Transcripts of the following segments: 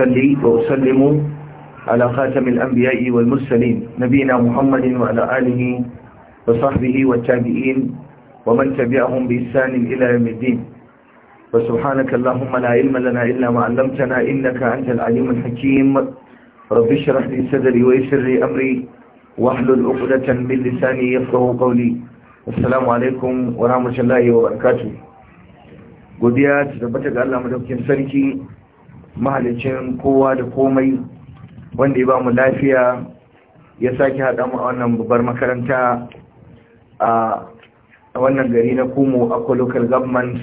صلي وسلموا على خاتم الأنبياء والمرسلين نبينا محمد وعلى آله وصحبه والتابعين ومن تبعهم بإحسان إلى يوم الدين وسبحانك اللهم لا علم لنا إلا ما علمتنا إنك أنت العليم الحكيم رب اشرح لي صدري ويسر لي أمري واحلل عقدة من لساني يفقه قولي السلام عليكم ورحمة الله وبركاته godiya ta tabbata ga Allah madaukakin sarki mahalicin kowa da komai wanda ya ba mu lafiya ya sake haɗa mu a wannan babbar makaranta a wannan gari na kumo a local government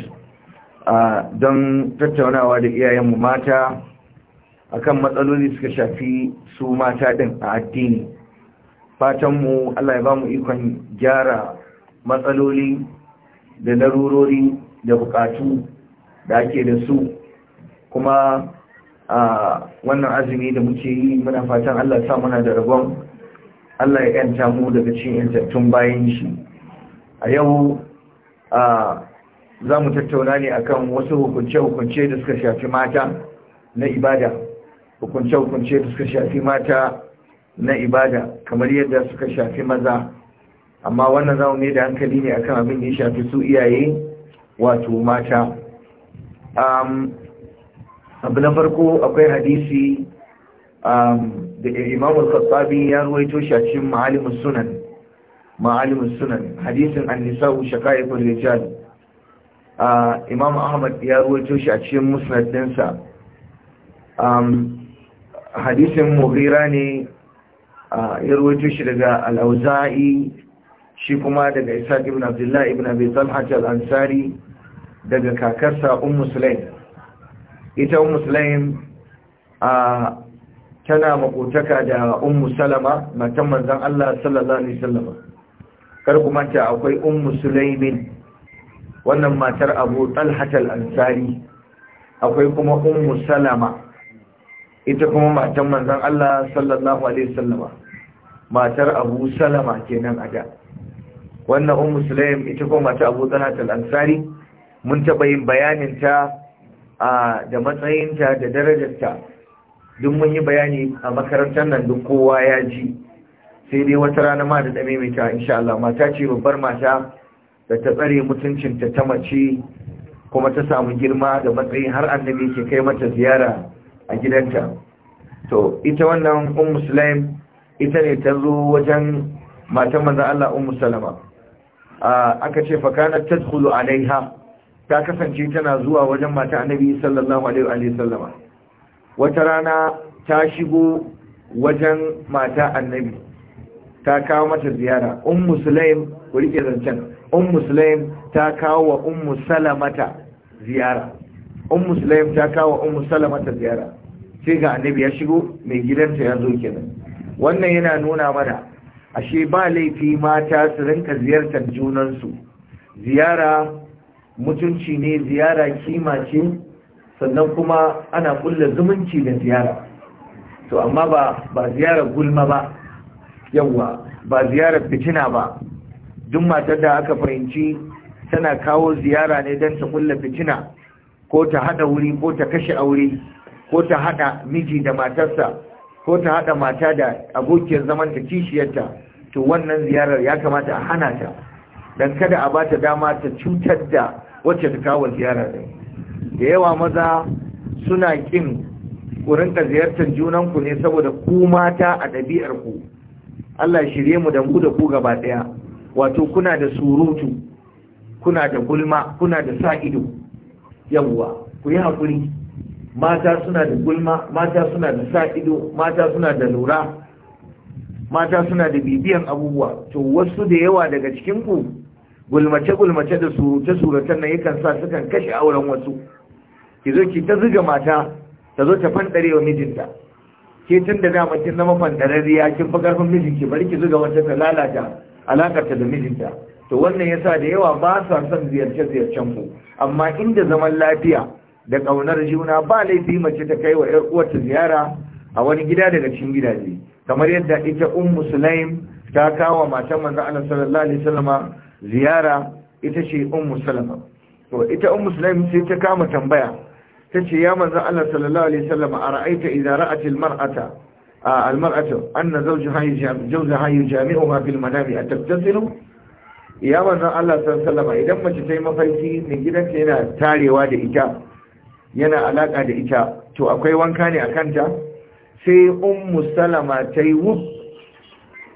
don tattaunawa da iyayenmu mata akan matsaloli suka shafi su mata ɗin a addini fatanmu allah ya ba mu ikon gyara matsaloli da larurori da bukatu da ake da su kuma a wannan azumi da muke yi muna fatan Allah sa muna da rabon Allah ya yanta mu daga cikin yantattun bayan shi a yau za mu tattauna ne a kan wasu hukunce-hukunce da suka shafi mata na ibada hukunce-hukunce da suka shafi mata na ibada kamar yadda suka shafi maza amma wannan za mu mai da hankali ne a kan abin da ya shafi su iyaye wato mata abu na farko akwai hadisi um, da imam al-khattabi ya ruwaito shi a cikin ma'alimus sunan ma'alimin sunan hadisin an-nisa'u shaqa'iqul rijal uh, imam ahmad ya ruwaito shi a cikin musnad dinsa um, hadisin mughira ne uh, ya ruwaito shi daga al-auza'i shi kuma daga isa ibn abdullah ibn abi talha al-ansari daga kakarsa ummu sulaim ita ummu sulaim a tana makotaka da ummu salama matan manzon Allah sallallahu alaihi sallama. kar ku manta akwai ummu sulaimin wannan matar Abu Talha al-Ansari akwai kuma ummu salama ita kuma matan manzon Allah sallallahu alaihi sallama, matar Abu Salama kenan a da wannan ummu sulaim ita kuma matar Abu Talha al-Ansari mun taɓa yin bayanin ta a da matsayinta da darajarta duk mun yi bayani a makarantar nan duk kowa ya ji sai dai wata rana ma da dame mai ta insha Allah mata ce babbar mata da ta tsare mutuncinta ta mace kuma ta samu girma da matsayi har annabi ke kai mata ziyara a gidanta to ita wannan ummu sulaim ita ne ta zo wajen matan manzon Allah ummu salama aka ce fa kana tadkhulu alaiha ta kasance tana zuwa wajen mata annabi sallallahu alaihi wa sallama wata rana ta shigo wajen mata annabi ta kawo mata ziyara ummu sulaim ku rike zancen ummu sulaim ta kawo wa ummu salamata ziyara ummu sulaim ta kawo wa ummu salamata ziyara sai ga annabi ya shigo mai gidanta ya zo kenan wannan yana nuna mana ashe ba laifi mata su rinka ziyartar junansu ziyara mutunci ne ziyara kima ce sannan kuma ana kulla zumunci da ziyara to amma ba ba ziyara gulma ba yawa ba ziyara fitina ba duk matar da aka fahimci tana kawo ziyara ne don ta kulla fitina ko ta hada wuri ko ta kashe aure ko ta hada miji da matarsa ko ta hada mata da abokiyar zaman ta kishiyarta to wannan ziyarar ya kamata a hana ta Dan kada a ba ta dama ta cutar da wacce ta kawo ziyara ne da yawa maza suna kin ku rinka ziyartar junanku ne saboda ku mata a ɗabi'ar ku Allah shirye mu da ku da ku gaba ɗaya wato kuna da surutu kuna da gulma kuna da sa ido yawwa ku yi haƙuri mata suna da gulma mata suna da sa mata suna da lura mata suna da bibiyan abubuwa to wasu da yawa daga cikinku gulmace-gulmace da surute-suruten nan yakan sa sukan kashe auren wasu ki zo ki ta zuga mata ta zo ta fandare wa mijinta ke tun da dama kin zama ya kin fi karfin mijinki bari ki zuga wata ta lalata alakarta da mijinta to wannan yasa da yawa ba sa son ziyarce-ziyarcen mu amma inda zaman lafiya da kaunar juna ba laifi mace ta kai wa 'yar uwarta ziyara a wani gida daga cikin gidaje kamar yadda ita ummu sulaim ta kawo matan manzo Allah sallallahu alaihi wasallama ziyara ita ce ummu salama to ita ummu salama sai ta kama tambaya ta ce ya manzan Allah sallallahu alaihi wasallam a ra'aita idza ra'at almar'ata almar'atu anna zawjaha yajawzaha yujami'uha fil manami ataktasilu ya manzan Allah sallallahu alaihi idan mace ta yi mafarki mai gidanta yana tarewa da ita yana alaka da ita to akwai wanka ne a kanta sai ummu salama ta wuf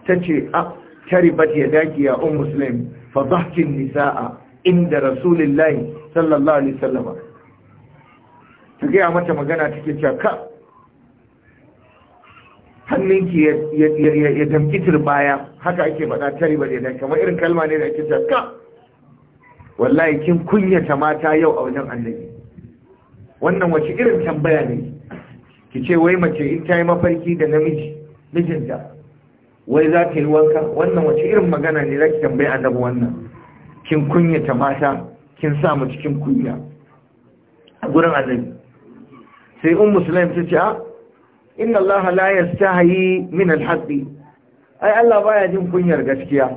ta ce a ah, sharibat yadaki ya um muslim fa dhahkin nisaa inda rasulillahi sallallahu alaihi wasallam ta gaya mata magana take cewa ka hannunki ya damki turbaya haka ake faɗa sharibat yadda kamar irin kalma ne da ake cewa ka wallahi kin kunyata mata yau a wajen annabi wannan wace irin tambaya ne ki ce wai mace in ta yi mafarki da namiji mijinta wai za ka yi wanka wannan wace irin magana ne za ki tambayi annabi wannan kin kunyata mata kin sa mu cikin kunya a gurin annabi sai in sulaim ta ce a inna allaha la yastahi min al ai Allah baya jin kunyar gaskiya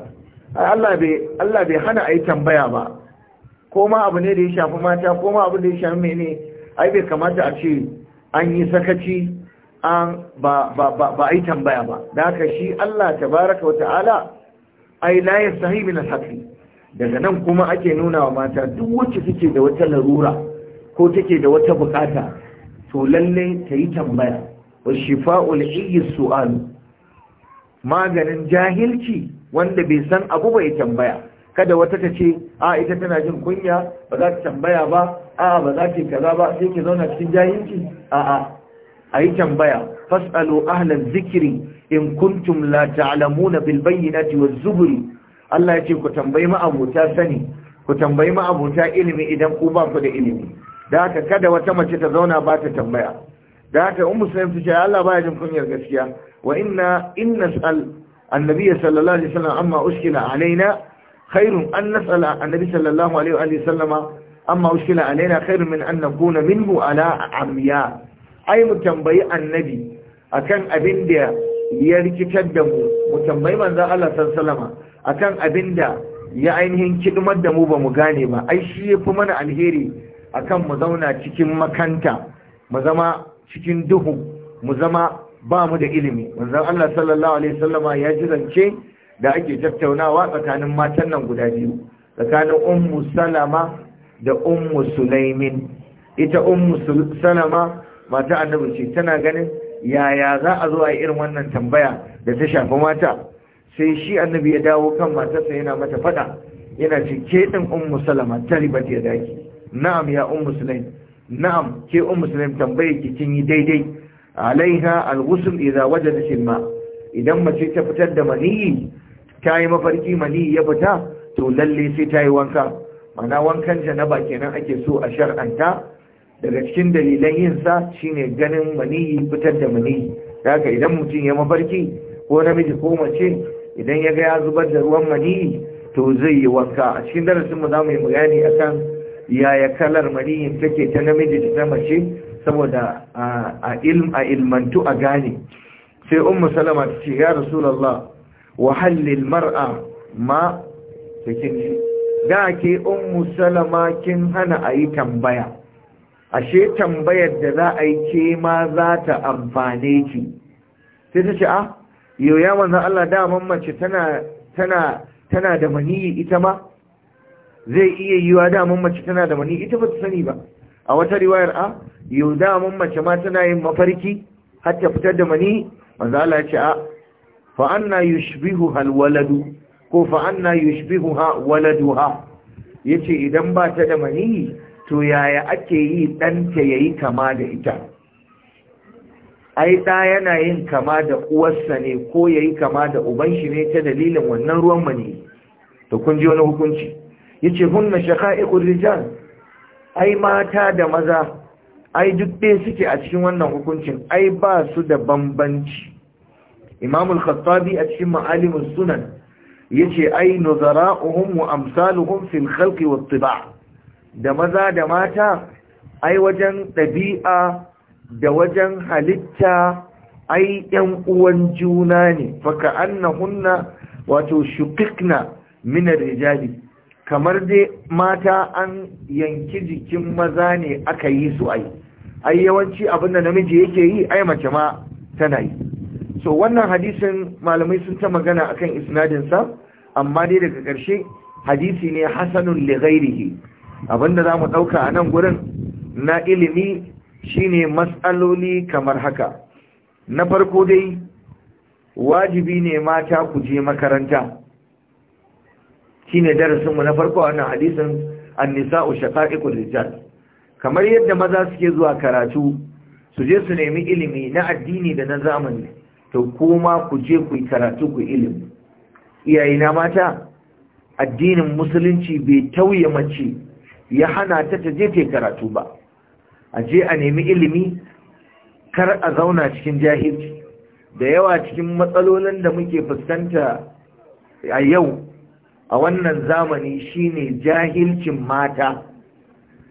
ai Allah bai Allah bai hana ai tambaya ba ko ma abu ne da ya shafi mata ko ma abu da ya shafi mene ai bai kamata a ce an yi sakaci an ba ba ba tambaya ba da haka shi Allah tabaraka wata'ala ai la sahi min al daga nan kuma ake nuna wa mata duk wacce take da wata larura ko take da wata bukata to lalle ta yi tambaya wa shifa'ul iyyi su'al maganin jahilci wanda bai san abu bai tambaya kada wata ta ce a ita tana jin kunya ba za ta tambaya ba a ba za ta kaza ba sai ki zauna cikin jahilci a a ayi tambaya fasalu ahlan zikri in kuntum la ta'lamuna bil bayyinati waz zubri Allah yace ku tambayi ma'abuta sani ku tambayi ma'abuta ilimi idan ku ba ku da ilimi da haka kada wata mace ta zauna ba ta tambaya da haka ummu sulaim ta ce Allah baya jin kunyar gaskiya wa inna in nas'al annabi sallallahu alaihi wasallam amma uskila alaina khairun an nas'ala annabi sallallahu alaihi wa sallama amma uskila alaina khairun min an nakuna minhu ala amya ai mu tambayi annabi akan abin da ya rikitar da mu mu tambayi manzon Allah sallallahu akan abin da ya ainihin kidmar da mu ba mu gane ba ai shi ya fi mana alheri akan mu zauna cikin makanta mu zama cikin duhu mu zama ba mu da ilimi manzon Allah sallallahu alaihi wasallama ya ji zance da ake tattaunawa tsakanin matan nan guda biyu tsakanin ummu salama da ummu sulaimin ita ummu salama mata annabi ce tana ganin yaya za a zo a yi irin wannan tambaya da ta shafi mata sai shi annabi ya dawo kan matarsa yana mata fada yana ce ke din ummu salama ta ya daki na'am ya ummu sulaim na'am ke ummu sulaim tambaye ki kin yi daidai alaiha alghusl idza wajada ma. idan mace ta fitar da maniyi ta yi mafarki maniyi ya fita to lalle sai ta yi wanka mana wankan janaba kenan ake so a shar'anta daga cikin dalilan yin sa shine ganin maniyi fitar da maniyi haka idan mutum ya mafarki ko namiji ko mace idan ya ga ya zubar da ruwan maniyi to zai yi wanka a cikin darasin mu zamu yi bayani akan yaya kalar maniyin take ta namiji da ta mace saboda a ilm a ilmantu a gane sai ummu salama ta ce ya rasulullah wa hallil mar'a ma ce da ke ummu salama kin hana a yi tambaya ashe tambayar da za a yi ke ma za ta amfane ki sai ta ce a ah, yau ya manzan Allah daman mace tana da maniyi ita ma zai iya yi wa daman mace tana da maniyi ita ba ta sani ba a wata riwayar a ah, yau daman mace ma tana yin mafarki har ta fitar da maniyi manzan Allah ya ce a ah, fa'anna yushbihu halwaladu ko fa'anna yushbihu ha waladu ha ya ce idan ba ta da maniyi to yaya ake yi ɗanta ya yi kama da ita ai ɗa yana yin kama da uwarsa ne ko ya yi kama da uban shi ne ta dalilin wannan ruwan mani to kun ji wani hukunci ya ce hunna shaka'iƙun rijal ai mata da maza ai duk ɗaya suke a cikin wannan hukuncin ai ba su da bambanci imamul khattabi a cikin ma'alimin sunan ya ce ai nuzara'uhum wa amsaluhum fil khalqi wa tiba' da maza da mata ai wajen ɗabi'a da wajen halitta ai ‘yan uwan juna ne faka annahunna wato shukikna minar rijali kamar dai mata an yanki jikin maza ne aka yi su ai ai yawanci abin da namiji yake yi ai mace ma tana yi so wannan hadisin malamai sun ta magana akan isnadin sa amma dai daga ƙarshe hadisi ne hasanun li ghairihi abinda za mu ɗauka a nan gurin na ilimi shine matsaloli kamar haka na farko dai wajibi ne mata ku je makaranta shine darasinmu na farko a wannan hadisin annisa'u shaqa'iqul rijal kamar yadda maza suke zuwa karatu su je su nemi ilimi na addini da na zamani to kuma ku je ku yi karatu ku ilimi iyayena mata addinin musulunci bai tauye mace ya hana ta ta je ta karatu ba a je a nemi ilimi kar a zauna cikin jahilci da yawa cikin matsalolin da muke fuskanta a yau a wannan zamani shine jahilcin mata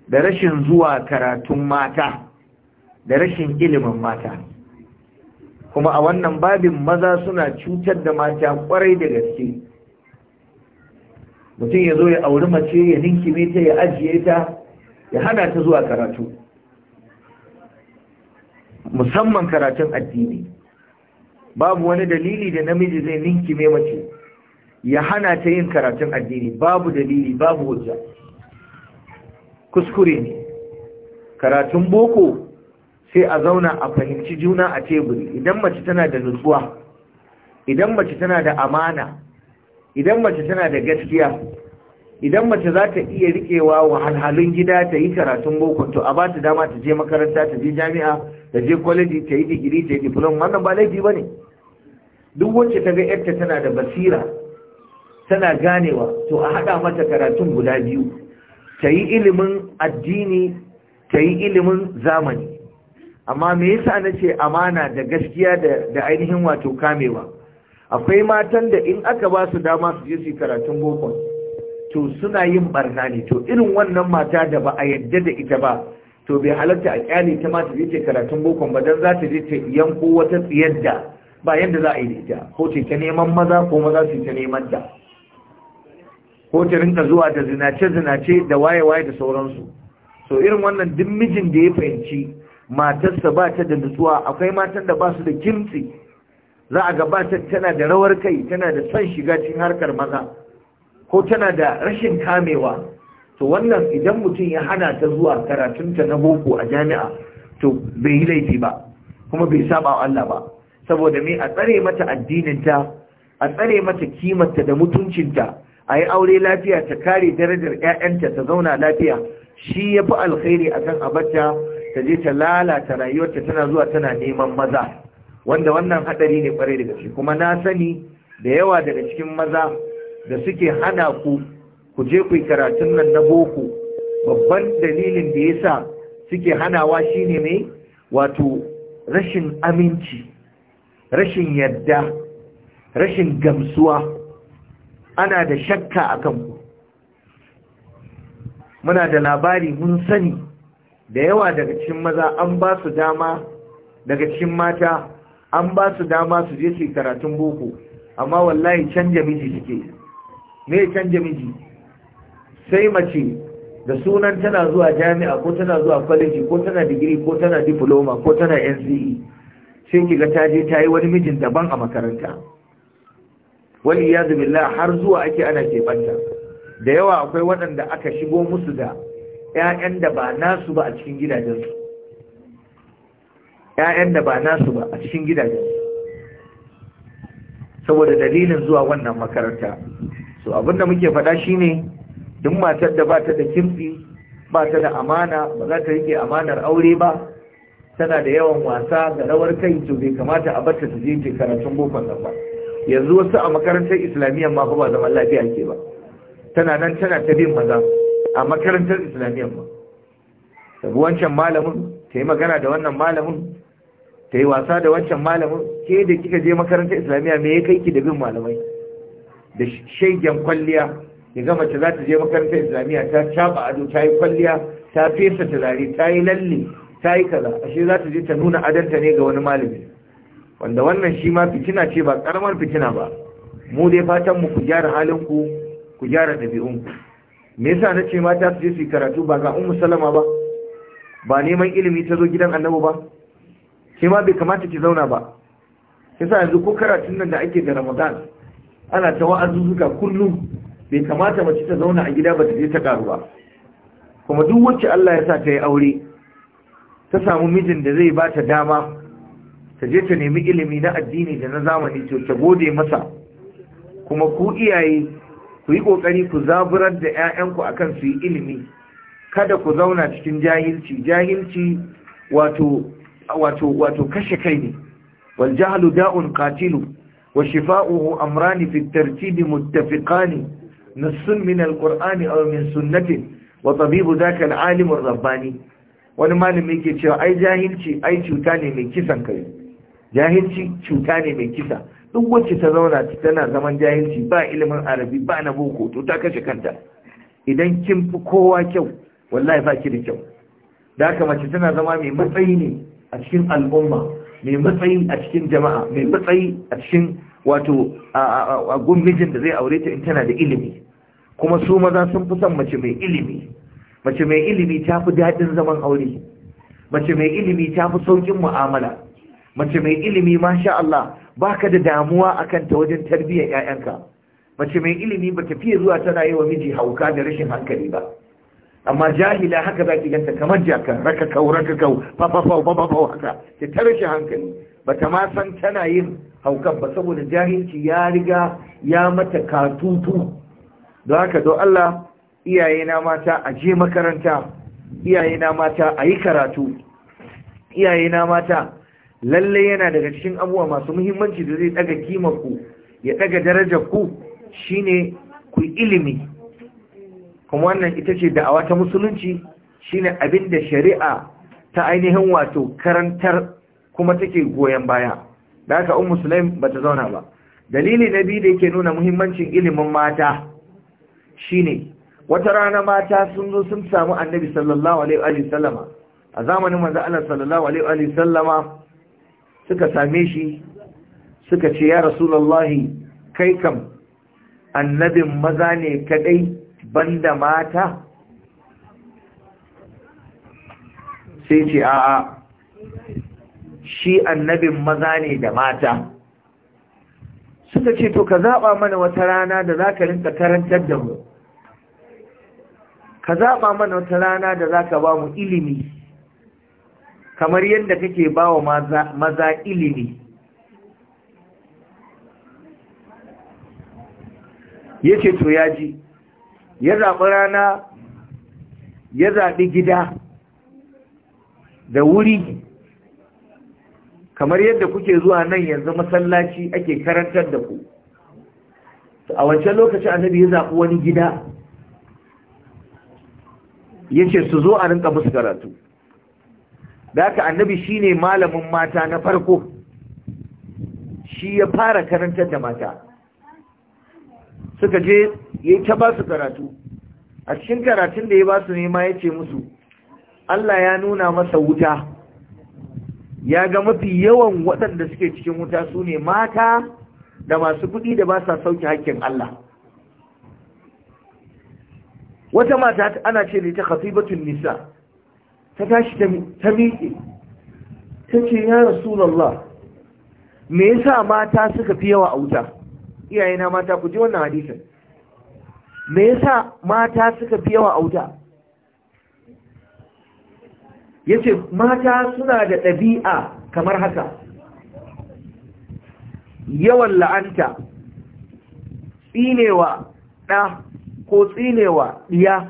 da rashin zuwa karatun mata da rashin ilimin mata kuma a wannan babin maza suna cutar da mata kwarai da gaske mutum ya zo ya auri mace ya ninkime ta ya ajiye ta ya hana ta zuwa karatu musamman karatun addini babu wani dalili da namiji zai ninkime mace ya hana ta yin karatun addini babu dalili babu hujja kuskure ne karatun boko sai a zauna a fahimci juna a teburi idan mace tana da nutsuwa idan mace tana da amana idan mace tana da gaskiya idan mace za ta iya rikewa wahalhalun gida ta yi karatun boko to a ba ta dama ta je makaranta ta je jami'a ta je kwaleji ta yi digiri ta yi diplom wannan ba laifi ba ne duk wacce ta ga yarta tana da basira tana ganewa to a haɗa mata karatun guda biyu ta yi ilimin addini ta yi ilimin zamani amma me yasa na ce amana da gaskiya da ainihin wato kamewa akwai matan da in aka ba su dama su je su karatun boko to suna yin barna ne to irin wannan mata da ba a yadda da ita ba to bai halatta a kyale ta ma ta je ta karatun boko ba dan za ta je ta yanko wata tsiyar da ba yadda za a yi da ita ko ce ta neman maza ko maza su ta neman ta ko ta rinka zuwa da zinace zinace da waye waye da sauransu so irin wannan duk mijin da ya fahimci matarsa ba ta da nutsuwa akwai matan da ba su da kimtsi za a gabata tana da rawar kai tana da son shiga cikin harkar maza ko tana da rashin kamewa to wannan idan mutum ya hana ta zuwa karatunta na boko a jami'a to bai yi laifi ba kuma bai saba wa Allah ba saboda me a tsare mata addininta a tsare mata kimarta da mutuncinta a yi aure lafiya ta kare darajar 'ya'yanta ta zauna lafiya shi ya fi alkhairi akan abarta ta je ta lalata rayuwarta tana zuwa tana neman maza wanda wannan hadari ne kwarai daga shi kuma na sani da yawa daga cikin maza da suke hana ku ku je ku karatun nan na boko babban dalilin da yasa suke hanawa shine mai wato rashin aminci rashin yadda rashin gamsuwa ana da shakka a kanku muna da labari mun sani da yawa daga cikin maza an ba su dama daga cikin mata an ba su dama su je su karatun boko amma wallahi canja miji suke me canja miji sai mace da sunan tana zuwa jami'a ko tana zuwa kwaleji ko tana digiri ko tana diploma ko tana NCE sai ki ta je ta yi wani mijin daban a makaranta wani ya billah har zuwa ake ana keɓanta da yawa akwai waɗanda aka shigo musu da 'ya'yan da ba nasu ba a cikin gidajensu Ya'yan da ba nasu ba a cikin gidaje saboda dalilin zuwa wannan makaranta so da muke faɗa shi ne, duk matar da ba ta da kimfi ba ta da amana ba za ta rike amanar aure ba tana da yawan wasa da rawar kai to bai kamata a bata ta je karatun bokon nan ba yanzu wasu a makarantar islamiyya ma ba zaman lafiya ke ba tana nan tana ta bin maza a makarantar islamiyya ma sabu malamin ta yi magana da wannan malamin ta yi wasa da wancan malamin ke da kika je makarantar islamiyya me ya kai ki da bin malamai da shaigen kwalliya ya gama ta za ta je makarantar islamiyya ta caba ado ta yi kwalliya ta fesa turare ta yi lalle ta yi kaza ashe za ta je ta nuna adanta ne ga wani malami wanda wannan shi ma fitina ce ba karamar fitina ba mu dai fatan mu ku gyara halin ku ku gyara ɗabi'un ku me yasa na ce mata su je su yi karatu ba ga ummu salama ba ba neman ilimi ta zo gidan annabi ba Sai ma bai kamata ki zauna ba sa yanzu ko karatun nan da ake da ramadan ana ta wa'azuzzuka kullum bai kamata mace ta zauna a gida ba ta je ta karu ba kuma duk wacce Allah ya sa ta yi aure ta samu mijin da zai ba ta dama ta je ta nemi ilimi na addini da na zamani to ta gode masa kuma ku iyaye ku yi kokari ku zaburar da ƴaƴanku akan su yi ilimi kada ku zauna cikin jahilci jahilci wato wato wato kashe kai ne wal jahlu da'un qatilu wa shifa'uhu amran fi at-tartib muttafiqan nassun min al-qur'an aw min sunnati wa tabibu dhaka al-alim wani malami yake cewa ai jahilci ai cuta ne mai kisan kai jahilci cuta ne mai kisa duk wacce ta zauna tana zaman jahilci ba ilimin arabi ba na boko to ta kashe kanta idan kin fi kowa kyau wallahi ba ki da kyau da haka mace tana zama mai matsayi ne a cikin al'umma mai matsayi a cikin jama'a mai matsayi a cikin wato a mijin da zai aure ta in tana da ilimi kuma su maza sun fi son mace mai ilimi mace mai ilimi ta fi daɗin zaman aure mace mai ilimi ta fi sauƙin mu'amala mace mai ilimi masha Allah baka da damuwa akan ta wajen tarbiyyar 'ya'yanka mace mai ilimi ba ta fiye zuwa tana yi wa miji hauka da rashin hankali ba amma jahila haka za ki ganta kamar jaka raka kau raka kau fafafau fafafau haka ki ta hankali ba ta ma san tana yin haukan ba saboda jahilci ya riga ya mata katutu don haka don Allah iyayena mata a je makaranta iyayena mata a yi karatu iyayena mata lalle yana daga cikin abubuwa masu muhimmanci da zai daga kimar ku ya daga darajar ku shine ku ilimi kuma wannan ita ce da'awa ta musulunci shine abin da shari'a ta ainihin wato karantar kuma take goyon baya da haka ummu sulaim bata zauna ba dalili na biyu da yake nuna muhimmancin ilimin mata shine wata rana mata sun zo sun samu annabi sallallahu alaihi wa sallama a zamanin manzo Allah sallallahu alaihi wa sallama suka same shi suka ce ya rasulullahi kai kam annabin maza ne kadai banda mata sai ce a'a shi annabin maza ne da mata suka ce to ka zaɓa mana wata rana da za ka rinka karantar da mu ka zaɓa mana wata rana da za ka ba mu ilimi kamar yadda kake ba wa maza ilimi ya ce to ya ji ya zaɓi rana ya zaɓi gida da wuri kamar yadda kuke zuwa nan yanzu masallaci ake karantar da ku a wancan lokaci annabi ya zaɓi wani gida ya ce su zo a rinka musu karatu da aka annabi shine malamin mata na farko shi ya fara karantar da mata suka je ya ta ba su karatu a cikin karatun da ya ba su nema ya ce musu Allah ya nuna masa wuta ya ga mafi yawan waɗanda suke cikin wuta su ne mata da masu kuɗi da ba sa sauke hakkin Allah wata mata ana ce ne ta khatibatun nisa ta tashi ta miƙe ta ce ya rasulallah me yasa mata suka fi yawa a wuta iyaye na mata ku ji wannan hadisin me yasa mata suka fi yawa auta yace mata suna da ɗabi'a kamar haka yawan la'anta tsinewa ɗa ko tsinewa ɗiya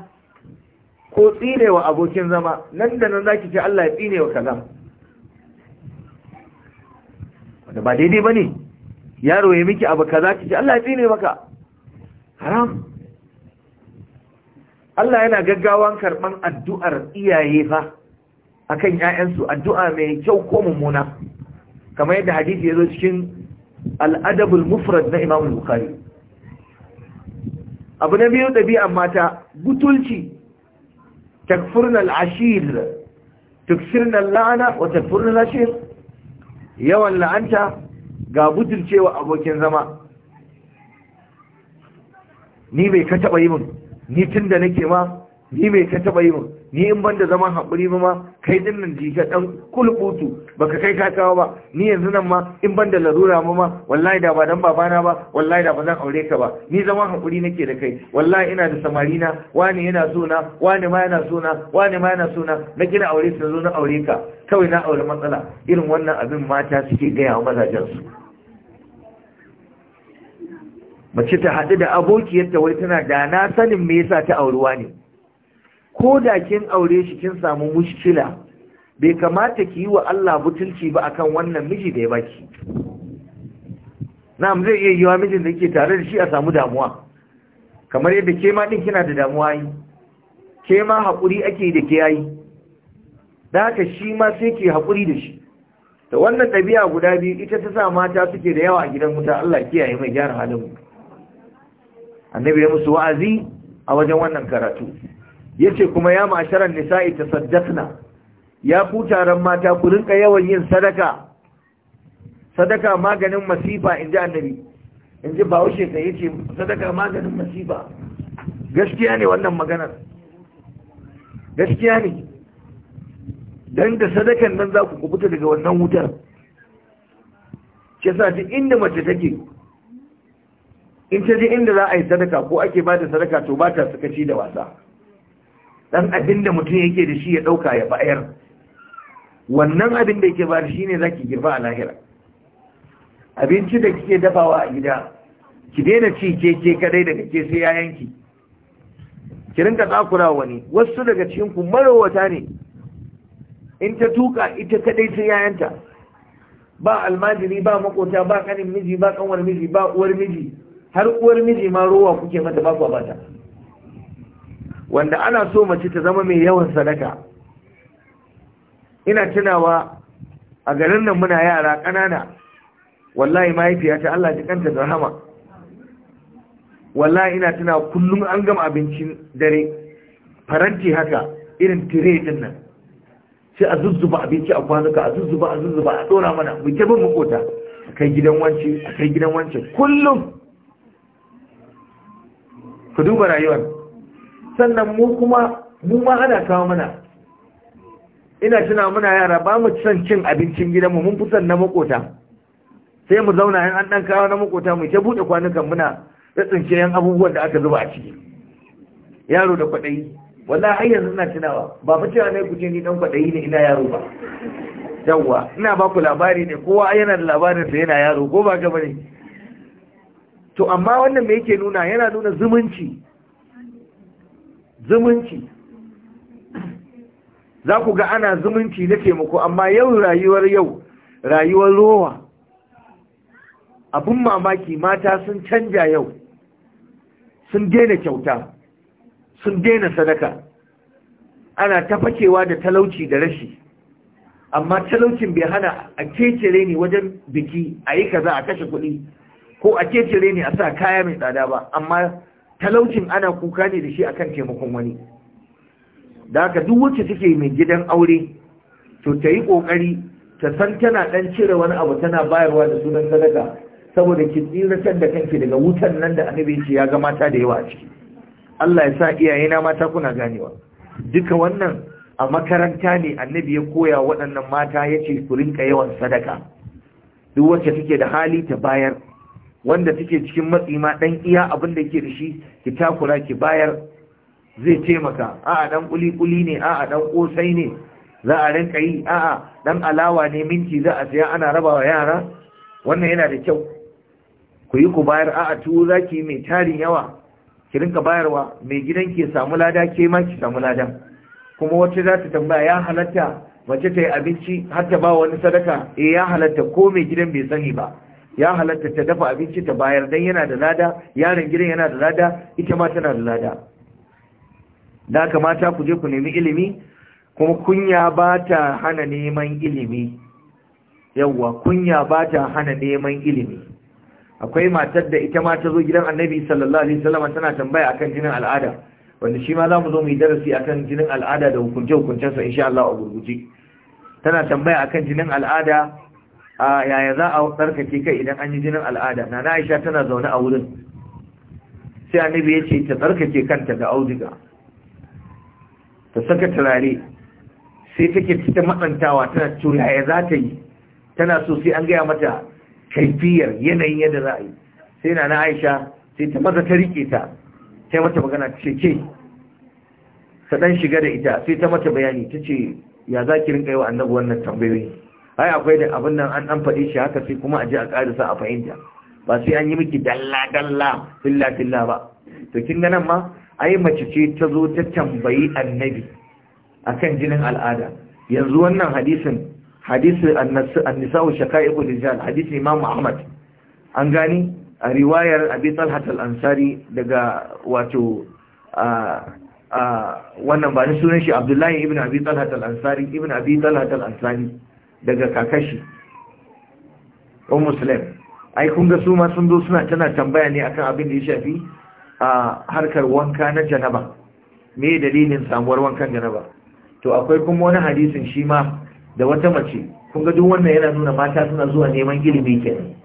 ko tsinewa abokin zama nan da nan zaki ce Allah ya tsinewa kaza wanda ba daidai bane yaro ya miki abu kaza ki ji Allah ya tsine maka haram Allah yana gaggawan karban addu'ar iyaye fa akan ƴaƴansu addu'a mai kyau ko mummuna kamar yadda hadisi yazo cikin al-adabul mufrad na Imam Bukhari abu na biyu ɗabi'an mata gutulci takfurnal ashir tukfirnal la'ana wa takfurnal ashir yawan la'anta ga butulcewa abokin zama ni bai ka taba yi min ni tun da nake ma ni bai ka taba yi min ni in ban da zaman haƙuri ma kai din nan jika dan kulbutu baka kai ka kawo ba ni yanzu nan ma in ban da larura ma ma wallahi da ba dan babana ba wallahi da ba zan aure ka ba ni zaman haƙuri nake da kai wallahi ina da samari na wani yana so na wani ma yana so na wani ma yana so na na gina aure su zo na aure ka kawai na aure matsala irin wannan abin mata suke gaya wa mazajen su mace ta haɗu da abokiyarta wai tana da na sanin me yasa ta auruwa ne ko da kin aure shi kin samu mushkila bai kamata ki yi wa Allah butulci ba akan wannan miji da ya baki na'am zai iya yiwa mijin da yake tare da shi a samu damuwa kamar yadda ke ma din kina da damuwa yi ke ma haƙuri ake da ke yayi da haka shi ma sai ke haƙuri da shi da wannan ɗabi'a guda biyu ita ta sa mata suke da yawa a gidan wuta Allah kiyaye mai gyara halin mu annabi ya musu wa'azi a wajen wannan karatu yace kuma ya ma'asharan nisa'i tasaddaqna ya ku taron mata ku rinka yawan yin sadaka sadaka maganin masifa inji annabi inji bawushe sai yace sadaka maganin masifa gaskiya ne wannan maganar gaskiya ne dan da sadakan nan za ku kubuta daga wannan wutar ke sa duk inda mace take in ta ji inda za a yi sadaka ko ake ba da sadaka to ba ta sakaci da wasa dan abin da mutum yake da shi ya dauka ya bayar wannan abin da yake ba da shi ne za ki girba a lahira abinci da kike dafawa a gida ki daina ci ke ke kadai daga ke sai yayanki ki rinka tsakura wani wasu daga cikin ku marowata ne in ta tuka ita kadai sai yayanta ba almajiri ba makota ba kanin miji ba kanwar miji ba uwar miji har uwar miji ma rowa kuke mata ba ku bata wanda ana so mace ta zama mai yawan sadaka ina tunawa a garin nan muna yara ƙanana wallahi mahaifiyata Allah ji kanta da rahama wallahi ina tuna kullum an gama abincin dare faranti haka irin tire din nan sai a zuzzuba abinci a kwanuka a zuzzuba a zuzzuba a dora mana mu ke bin a kai gidan wance kai gidan wance kullum ku duba rayuwar sannan mu kuma mu ma ana kawo mana ina tuna muna yara ba mu son cin abincin gidanmu mun fi son na makota sai mu zauna yan an dan kawo na makota mu ta bude kwanukan muna tsince yan abubuwan da aka zuba a ciki yaro da kwaɗayi wallahi har yanzu ina tunawa ba fa cewa ne ku ni dan kwaɗayi ne ina yaro ba yawwa ina ba ku labari ne kowa yana da labarin sa yana yaro ko ba ga bane to amma wannan mai yake nuna yana nuna zumunci zumunci za ku ga ana zumunci na taimako amma yau rayuwar yau rayuwar rowa abin mamaki mata sun canja yau sun daina kyauta sun daina sadaka ana ta fakewa da talauci da rashi amma talaucin bai hana a kecere ne wajen biki a yi kaza a kashe kuɗi ko a cire ne a sa kaya mai tsada ba amma talaucin ana kuka ne da shi akan taimakon wani da haka duk wacce take mai gidan aure to ta yi ƙoƙari ta san tana ɗan cire wani abu tana bayarwa da sunan sadaka saboda ki tsiratar da kanki daga wutan nan da annabi ce ya ga mata da yawa a ciki Allah ya sa na mata kuna ganewa duka wannan a makaranta ne annabi ya koya waɗannan mata ya ce ku rinka yawan sadaka duk wacce take da hali ta bayar wanda take cikin matsi ma ɗan iya abin da ke da shi ki takura ki bayar zai taimaka a'a ɗan ƙuli-ƙuli ne a'a ɗan ƙosai ne za a rinka yi a'a ɗan alawa ne minti za a saya ana rabawa yara wannan yana da kyau ku yi ku bayar a'a tuwo zaki mai tarin yawa ki rinka bayarwa mai gidan ke samu lada ke ma ki samu lada kuma wacce za ta tambaya ya halatta mace ta yi abinci har ta ba wani sadaka eh ya halatta ko mai gidan bai sani ba ya halatta ta dafa abinci ta bayar dan yana da lada yaron gidan yana da lada ita ma tana da lada da kamata ku je ku nemi ilimi kuma kunya ba ta hana neman ilimi yawwa kunya ba ta hana neman ilimi akwai matar da ita ma ta zo gidan annabi sallallahu alaihi wasallam tana tambaya akan jinin al'ada wanda shi ma za mu zo mu yi darasi akan jinin al'ada da hukunce hukuncensa insha Allah a gurguje tana tambaya akan jinin al'ada a yaya za a tsarkake kai idan an yi jinin al'ada na Aisha tana zaune a wurin sai annabi ya ce ta tsarkake kanta da auduga ta saka turare sai take ta matsantawa tana cewa yaya za ta yi tana so sai an gaya mata kaifiyar yanayin yadda za a yi sai na na Aisha sai ta maza ta rike ta sai mata magana ta ce ta dan shiga da ita sai ta mata bayani ta ce ya za ki rinka yi wa annabi wannan tambayoyi ai akwai da abin nan an dan faɗi shi haka sai kuma a ji a ƙarisa a fahimta ba sai an yi miki dalla dalla filla filla ba to kin ga nan ma ai mace ce ta zo ta tambayi annabi akan jinin al'ada yanzu wannan hadisin annisa wa shaqa'iqu rijal hadisi imam ahmad an gani a riwayar abi talha al-ansari daga wato wannan ba ni sunan shi abdullahi ibn abi talha al-ansari ibn abi talha al-ansari daga kakashi ko muslim ai kun ga su ma sun zo suna tana tambaya ne akan abin da ya shafi a harkar wanka na janaba me dalilin samuwar wankan janaba to akwai kuma wani hadisin shi ma da wata mace kun ga duk wannan yana nuna mata suna zuwa neman ilimi kenan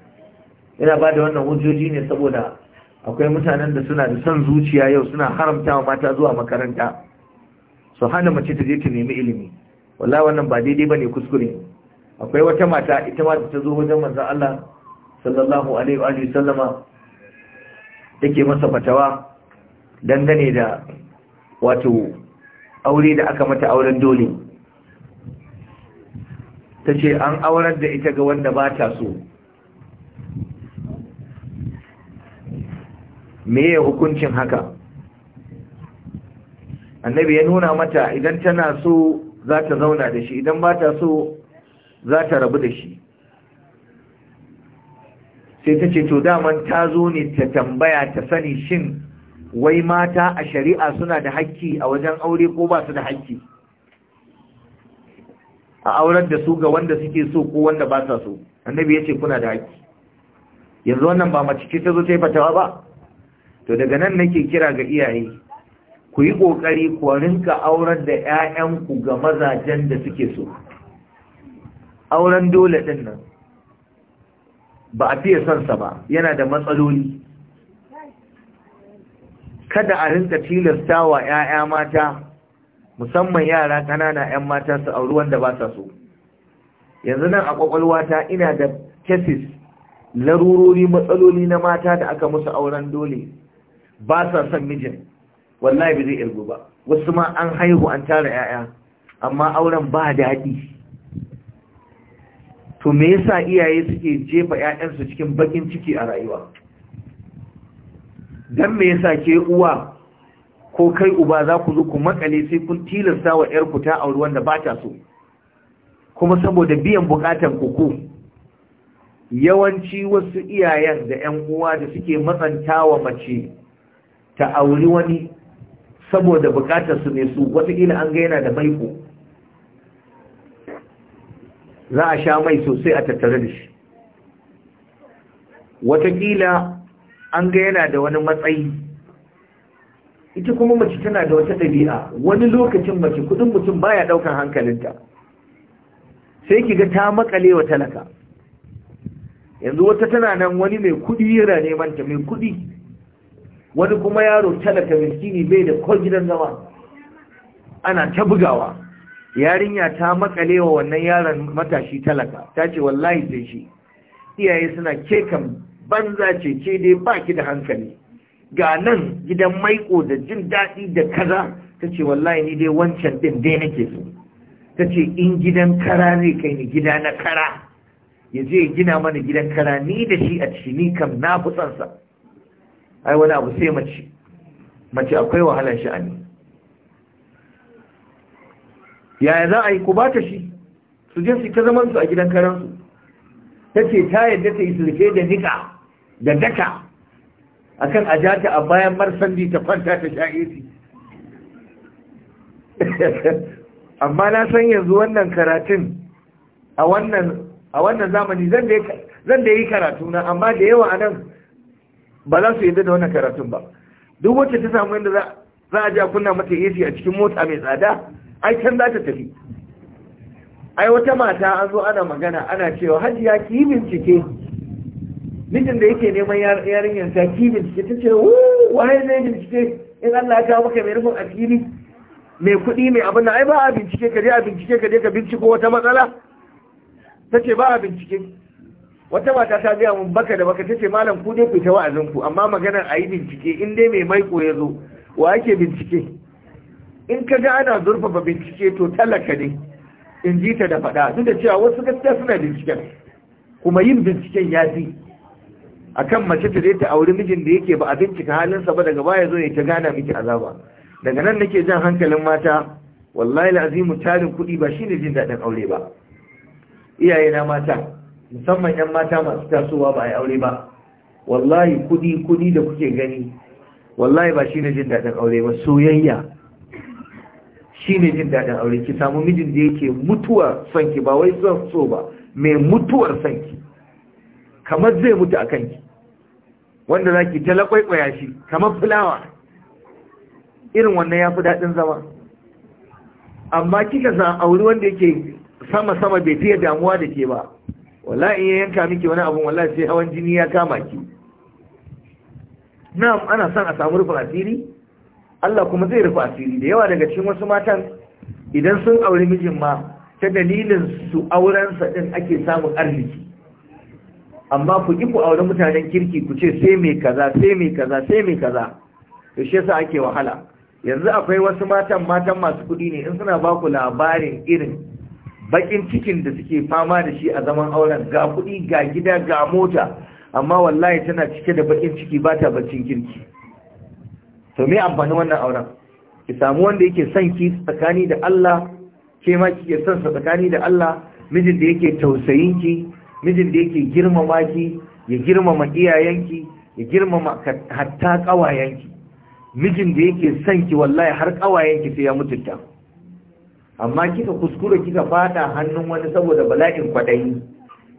yana ba da wannan hujjoji ne saboda akwai mutanen da suna da son zuciya yau suna haramta wa mata zuwa makaranta su hana mace ta je ta nemi ilimi wallahi wannan ba daidai bane kuskure akwai wata mata ita ma ta zo wajen manzon Allah sallallahu alaihi wa sallama take masa fatawa dangane da wato aure da aka mata auren dole ta ce an aurar da ita ga wanda ba ta so meye hukuncin haka annabi ya nuna mata idan tana so za ta zauna da shi idan ba ta so za ta rabu da shi sai ta ce to daman ta zo ne ta tambaya ta sani shin wai mata a shari'a suna da hakki a wajen aure ko ba su da hakki a auren da su ga wanda suke so ko wanda ba sa so annabi ya ce kuna da hakki yanzu wannan ba mace ce ta zo ta yi fatawa ba to daga nan nake kira ga iyaye ku yi ƙoƙari ku rinka auren da 'ya'yanku ga mazajen da suke so auren dole ɗin nan ba a fiye son ba yana da matsaloli kada a rinka tilasta wa 'ya'ya mata musamman yara ƙanana 'yan mata su auri wanda ba sa so yanzu nan a kwakwalwata ina da cases larurori matsaloli na mata da aka musu auren dole ba sa son mijin wallahi bi zai ba wasu ma an haihu an tara 'ya'ya amma auren ba daɗi to me yasa iyaye suke jefa ƴaƴansu cikin bakin ciki a rayuwa dan me yasa ke uwa ko kai uba za ku zo ku makale sai kun tilasta wa ku ta auri wanda ba ta so kuma saboda biyan bukatan ku ku yawanci wasu iyayen da ƴan uwa da suke matsantawa mace ta auri wani saboda bukatar su ne su wataƙila an ga yana da maiko. za a sha mai sosai a tattare da shi watakila an ga yana da wani matsayi ita kuma mace tana da wata ɗabi'a wani lokacin mace kudin mutum baya ɗaukar hankalinta sai ki ga ta makale wa talaka yanzu wata tana nan wani mai kudi yana neman ta mai kudi wani kuma yaro talaka miskini bai da ko gidan zama ana ta bugawa yarinya ta makale wa wannan yaron matashi talaka ta ce wallahi sai shi iyaye suna kekan banza ce ke dai ba ki da hankali ga nan gidan maiko da jin daɗi da kaza ta ce wallahi ni dai wancan ɗin dai nake so ta ce in gidan kara ne kai ni gida na kara ya je gina mana gidan kara ni da shi a ciki ni kam na fi ai wani abu sai mace mace akwai wahalar sha'ani yaya za a yi ku ba ta shi su je su ta zaman su a gidan karansu ta ce ta yadda ta yi sulke da nika da daka akan a ja ta a bayan marsandi ta kwanta ta sha esi amma na san yanzu wannan karatun a wannan zamani zan da yi karatu na amma da yawa a nan ba za su yadda da wannan karatun ba duk wacce ta samu yadda za a ja kunna mata esi a cikin mota mai tsada ai can za ta tafi ai wata mata an zo ana magana ana cewa hajiya ki yi bincike mijin da yake neman yarinyar ta ki bincike ta ce waye zai bincike in Allah ya kawo maka mai rufin asiri mai kuɗi mai abin da ai ba a bincike ka je a bincike ka je ka binciko wata matsala ta ce ba a bincike wata mata ta gaya mun baka da baka ta ce malam ku dai ku ta wa'azin ku amma maganar a yi bincike in dai mai maiko ya zo wa ake bincike in ka ga ana zurfafa bincike to talaka ne in ji ta da faɗa duk da cewa wasu gaskiya suna binciken kuma yin binciken ya fi kan mace ta je ta auri mijin da yake ba a bincika halinsa ba daga baya zo ya ta gana miki azaba daga nan nake jan hankalin mata wallahi la'azimu tarin kuɗi ba shine jin daɗin aure ba iyaye na mata musamman yan mata masu tasowa ba a yi aure ba wallahi kuɗi kuɗi da kuke gani wallahi ba shine jin daɗin aure ba soyayya shi ne jin daɗin aure ki samu mijin da yake mutuwar sanki ba wai son so ba mai mutuwar sanki kamar zai mutu a kanki wanda za ki talakwaikwaya shi kamar fulawa irin wannan ya fi daɗin zama amma kika san auri wanda yake sama-sama bai fiye damuwa da ke ba wallahi ya yanka miki wani abun wala sai hawan jini ya kama ki na'am ana son a samu rufin asiri Allah kuma zai rufe asiri da yawa daga cikin wasu matan idan sun auri mijin ma ta dalilin su aurensa din ake samun arziki amma ku ki ku aure mutanen kirki ku ce sai mai kaza sai mai kaza sai mai kaza to shi yasa ake wahala yanzu akwai wasu matan matan masu kuɗi ne in suna ba ku labarin irin bakin cikin da suke fama da shi a zaman auren ga kuɗi ga gida ga mota amma wallahi tana cike da bakin ciki ba ta baccin kirki to me amfani wannan auren ki samu wanda yake son ki tsakani da Allah ke ma kike son sa tsakani da Allah mijin da yake tausayin ki mijin da yake girmama ki ya girmama iyayenki ya girmama hatta kawayenki mijin da yake son ki wallahi har kawayenki sai ya mutunta amma kika kuskure kika fada hannun wani saboda bala'in kwadayi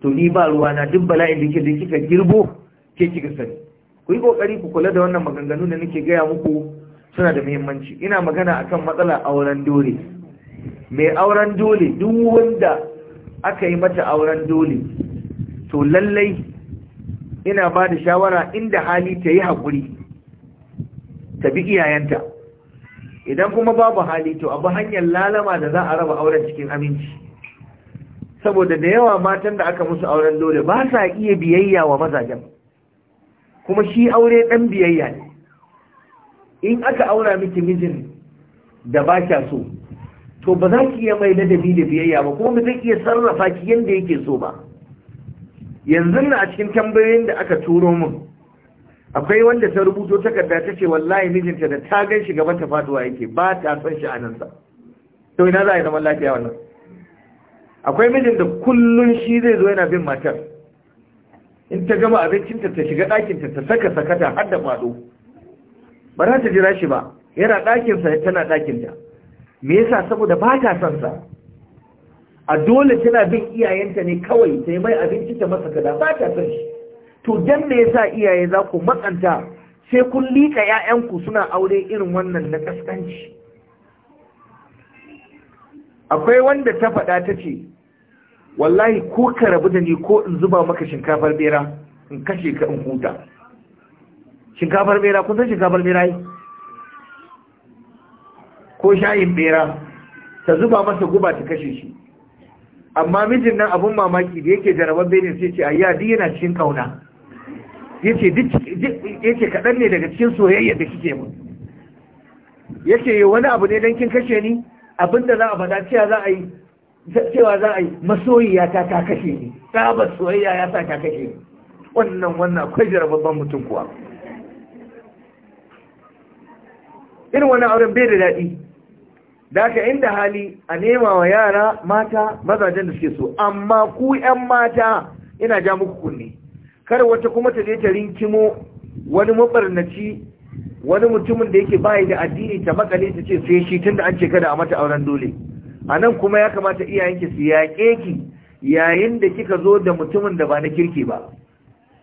to ni ba ruwa na duk bala'in da kike da kika girbo ke kika sani ku yi kokari ku kula da wannan maganganu da nake gaya muku suna da muhimmanci ina magana akan matsalar auren dole mai auren dole duk wanda aka yi mata auren dole to lallai ina ba da shawara inda hali ta yi hakuri ta bi iyayenta idan kuma babu hali to abu hanyar lalama da za a raba auren cikin aminci saboda da yawa matan da aka musu auren dole ba sa iya biyayya wa mazajen kuma shi aure ɗan biyayya ne in aka aura miki mijin da ba kya so to ba za ki iya mai ladabi da biyayya ba kuma ba zai iya sarrafa ki yadda yake so ba yanzu na a cikin tambayoyin da aka turo mun akwai wanda ta rubuto takarda ta ce wallahi mijinta da ta gan shi gaban ta faduwa yake ba ta son shi sa. to ina za a yi zaman lafiya wannan akwai mijin da kullum shi zai zo yana bin matar in ta gama abincinta ta shiga ɗakinta ta saka sakata har da faɗo ba za ta jira shi ba yana ɗakinsa tana ɗakinta me yasa saboda ba ta son sa a dole tana bin iyayenta ne kawai ta yi mai abinci ta masa kada ba ta son shi to dan me yasa iyaye za ku matsanta sai kun liƙa 'ya'yanku suna aure irin wannan na ƙasƙanci. akwai wanda ta faɗa ta ce wallahi ko ka rabu da ni ko in zuba maka shinkafar bera in kashe ka in huta shinkafar bera kun san shinkafar bera yi ko shayin bera ta zuba masa guba ta kashe shi amma mijin nan abun mamaki da yake jarabar benin sai ce ayya duk yana cikin kauna yace duk yace kadan ne daga cikin soyayya da kike mun yace wani abu ne dan kin kashe ni abinda za a faɗa cewa za a yi cewa za a yi masoyiya ta ta kashe ni ba soyayya ya sa ta kashe ni wannan wannan akwai jarababban mutum kuwa irin wani auren bai da daɗi da aka inda hali a nema wa yara mata mazajen da suke so amma ku ƴan mata ina ja muku kunne kar wata kuma ta je ta rinkimo wani mabarnaci wani mutumin da yake bayi da addini ta makale ta ce sai shi tunda an ce kada a mata auren dole Anan kuma ya kamata iyayenki su yaƙe ki yayin da kika zo da mutumin da ba na kirki ba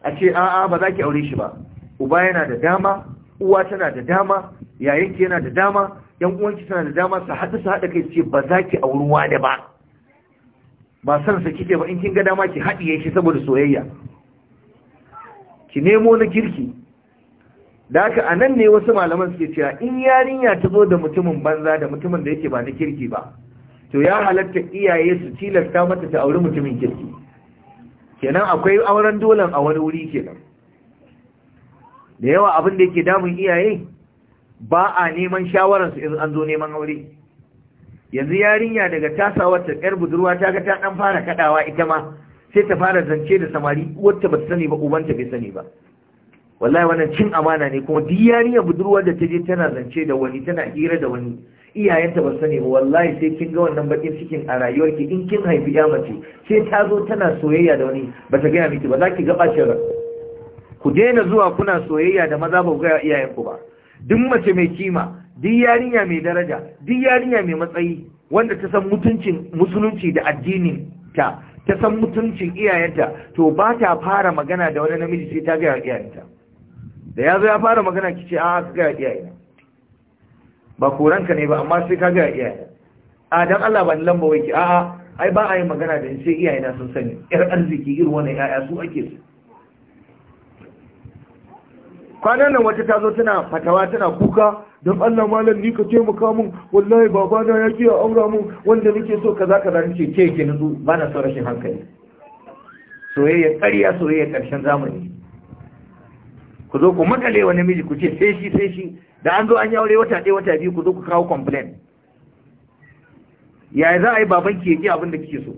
a ce a'a ba za ki aure shi ba uba yana da dama uwa tana da dama yayanki yana da dama yan uwanki tana da dama su haɗu su haɗa kai su ce ba za ki auruwa da ba ba san sa kike ba in kin ga dama ki haɗiye shi saboda soyayya ki nemo na kirki da haka a nan ne wasu malaman suke cewa in yarinya ta zo da mutumin banza da mutumin da yake ba na kirki ba to ya halatta iyaye su tilasta mata ta auri mutumin kirki kenan akwai auren dolan a wani wuri kenan da yawa abin da yake damun iyaye ba a neman shawararsu in an zo neman aure yanzu yarinya daga tasawar ta yar budurwa ta ga ta dan fara kaɗawa ita ma sai ta fara zance da samari uwarta ba sani ba ubanta bai sani ba wallahi wannan cin amana ne kuma duk yarinya budurwa da ta je tana zance da wani tana hira da wani iyayenta ba sani ba wallahi sai kin ga wannan bakin cikin a rayuwarki in kin haifi ya mace sai ta zo tana soyayya da wani ba ta gaya miki ba za ki ga bacin ran ku daina zuwa kuna soyayya da maza ba ku gaya iyayenku ba duk mace mai kima duk yarinya mai daraja duk yarinya mai matsayi wanda ta san mutuncin musulunci da addinin ta ta san mutuncin iyayenta to ba ta fara magana da wani namiji sai ta gaya iyayenta da ya zo ya fara magana ki ce, a ka gaya iyayenta ba ka ne ba amma sai ka ga iyaye a dan Allah ba lamba wai ki a'a ai ba a yi magana da sai iyaye na sun sani yar arziki irin wannan yaya su ake su kwanan nan wata tazo tana fatawa tana kuka don Allah malam ni ka taimaka min wallahi babana ya a aura mu wanda nake so kaza kaza nake ke ke nutsu ba na son rashin hankali soyayya ƙarya soyayya ƙarshen zamani ku zo ku makale wa namiji ku ce sai shi sai shi da an zo an yi aure wata ɗaya wata biyu ku zo ku kawo complain yaya za a yi baban ki yaki abin da kike so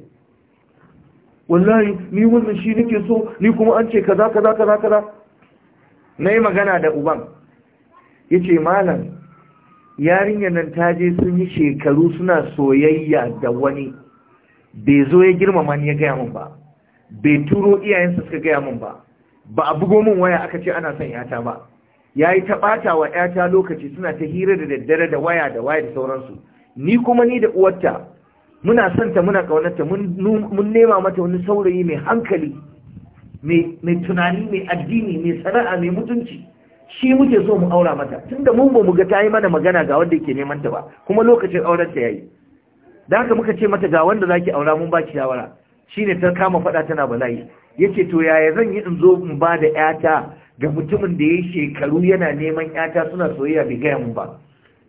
wallahi ni wannan shi nake so ni kuma an ce kaza kaza kaza kaza na yi magana da uban ya ce malam yarinyar nan ta je sun yi shekaru suna soyayya da wani bai zo ya girmama ni ya gaya min ba bai turo iyayensa suka gaya min ba ba a bugo min waya aka ce ana son yata ba ya yi ta ɓata wa yata lokaci suna ta hira da daddare da waya da waya da sauransu ni kuma ni da uwarta muna santa muna ƙaunarta mun nema mata wani saurayi mai hankali mai tunani mai addini mai sana'a mai mutunci shi muke so mu aura mata tunda mun ba mu ga ta yi mana magana ga wanda ke neman ta ba kuma lokacin auren ta yayi da haka muka ce mata ga wanda zaki aura mun baki shawara shine ta kama faɗa tana bala'i yace to yaya zan yi in zo in ba da yata ga mutumin da ya shekaru yana neman yata suna soyayya bai gaya mu ba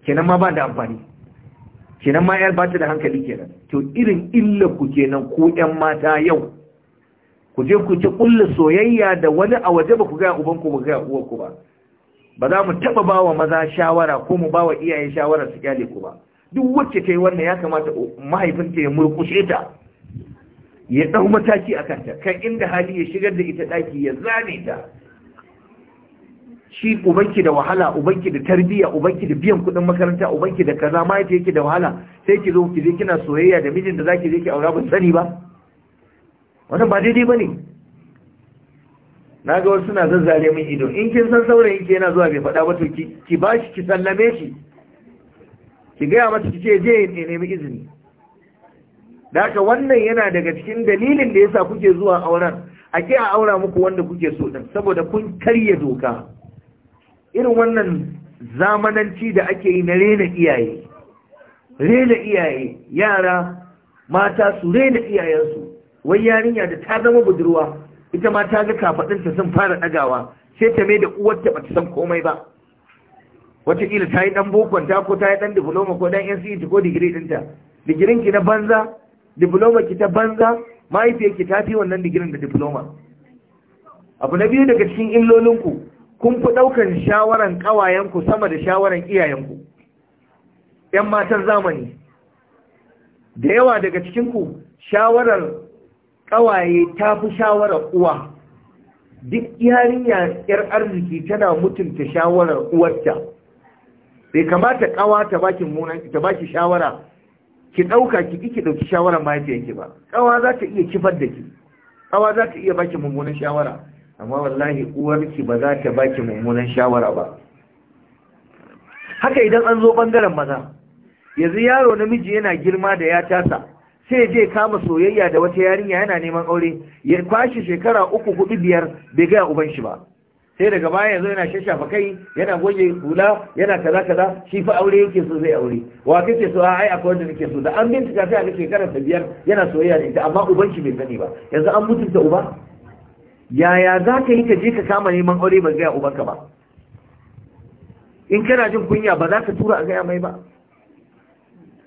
kenan ma ba da amfani kenan ma yar bata da hankali kenan to irin illa ku kenan ko yan mata yau ku je ku ci kulla soyayya da wani a waje ba ku gaya uban ku ba gaya uwar ku ba ba za mu taba ba wa maza shawara ko mu ba wa iyaye shawara su kyale ku ba duk wacce ta yi wannan ya kamata mahaifinta ya murkushe ta ya ɗau mataki a kanta kan inda hali ya shigar da ita ɗaki ya zane ta shi ubanki da wahala ubanki da tarbiyya ubanki da biyan kuɗin makaranta ubanki da kaza ma yake da wahala sai ki zo ki je kina soyayya da mijin da zaki je ki aura ba sani ba wannan ba daidai bane na ga wasu suna zazzare min ido in kin san saurayin ki yana zuwa bai faɗa ba to ki ki bashi ki sallame shi ki gaya masa ki ce je ne nemi izini da haka wannan yana daga cikin dalilin da yasa kuke zuwa auren a ke a aura muku wanda kuke so din saboda kun karya doka irin wannan zamananci da ake yi na rena iyaye rena iyaye yara mata su rena iyayensu wai yarinya da ta zama budurwa ita ma ta ga kafaɗinta sun fara ɗagawa sai ta mai da uwarta ba ta san komai ba wataƙila ta yi ɗan bokon ta ko ta yi ɗan diploma ko ɗan nct e ko digiri digirin ki na banza diploma ki ta banza mahaifiyarki ta fi wannan digirin da diploma abu na biyu daga cikin illolinku kun fi ɗaukar shawaran ƙawayenku sama da shawaran iyayenku ‘yan matan zamani da yawa daga cikinku shawarar ƙawaye ta fi shawarar uwa duk yarinya ‘yar arziki tana mutunta shawarar uwarta bai kamata ƙawa ta baki shawara ki ɗauka ki ki ɗauki shawarar mahaifiyarki ba ƙawa za ta iya kifar da ki ƙawa za ta iya baki mummunan shawara amma wallahi uwarki ba za ta baki mummunan shawara ba haka idan an zo ɓangaren maza yanzu yaro namiji yana girma da ya tasa sai je kama soyayya da wata yarinya yana neman aure ya kwashi shekara uku hudu biyar bai gaya uban shi ba sai daga baya yanzu yana shashafa kai yana goge hula yana kaza kaza shi fa aure yake so zai aure wa kake so ai akwai wanda nake so da an bincika sai a ga shekarar ta biyar yana soyayya da ita amma uban shi bai sani ba yanzu an mutunta uba yaya za ka yi ka je ka kama neman aure ba gaya ubanka ba in kana jin kunya ba za ka tura a gaya mai ba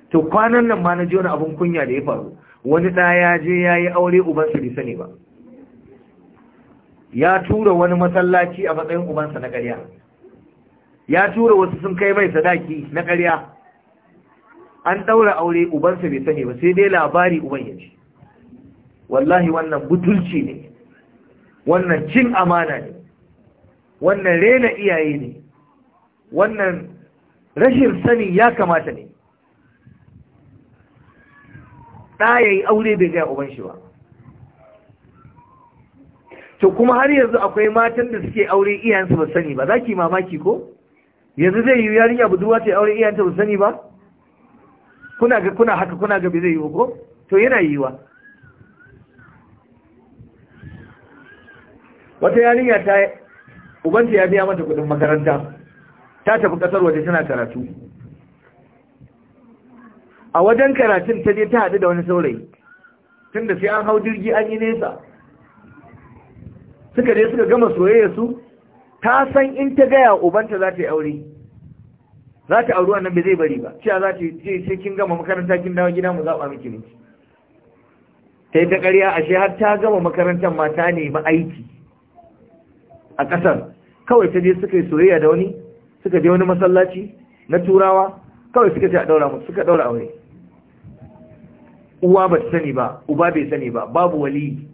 to kwanan nan ma na ji wani abin kunya da ya faru wani ɗaya ya je ya yi aure ubansa bai sani ba ya tura wani masallaci a matsayin ubansa na ƙarya ya tura wasu sun kai mai sadaki na ƙarya an ɗaura aure ubansa bai sani ba sai dai labari uban ya wallahi wannan butulci ne wannan cin amana ne wannan rena iyaye ne wannan rashin sani ya kamata ne ɗa yi aure bai gaya uban shi ba to kuma har yanzu akwai matan da suke aure iyayensu ba sani ba za ki mamaki ko yanzu zai yi yarinya budurwa ta aure iyayenta ba sani ba kuna ga kuna haka kuna ga bai zai yi ko to yana yiwa wata yarinya ta ubanta ya biya mata kudin makaranta ta tafi kasar waje tana karatu a wajen karatun ta je ta haɗu da wani saurayi tunda sai an hau jirgi an yi nesa suka je suka gama soyayya su ta san in ta gaya ubanta za ta yi aure za ta auri wannan bai zai bari ba cewa za ta ce sai kin gama makaranta kin dawo gida mu zaɓa miki ne ta yi ta ƙarya ashe har ta gama makarantar ma ta nemi aiki a ƙasar kawai ta je suka yi soyayya da wani suka je wani masallaci na turawa kawai suka ce a ɗaura mu suka ɗaura aure uwa ba ta sani ba uba bai sani ba babu waliyi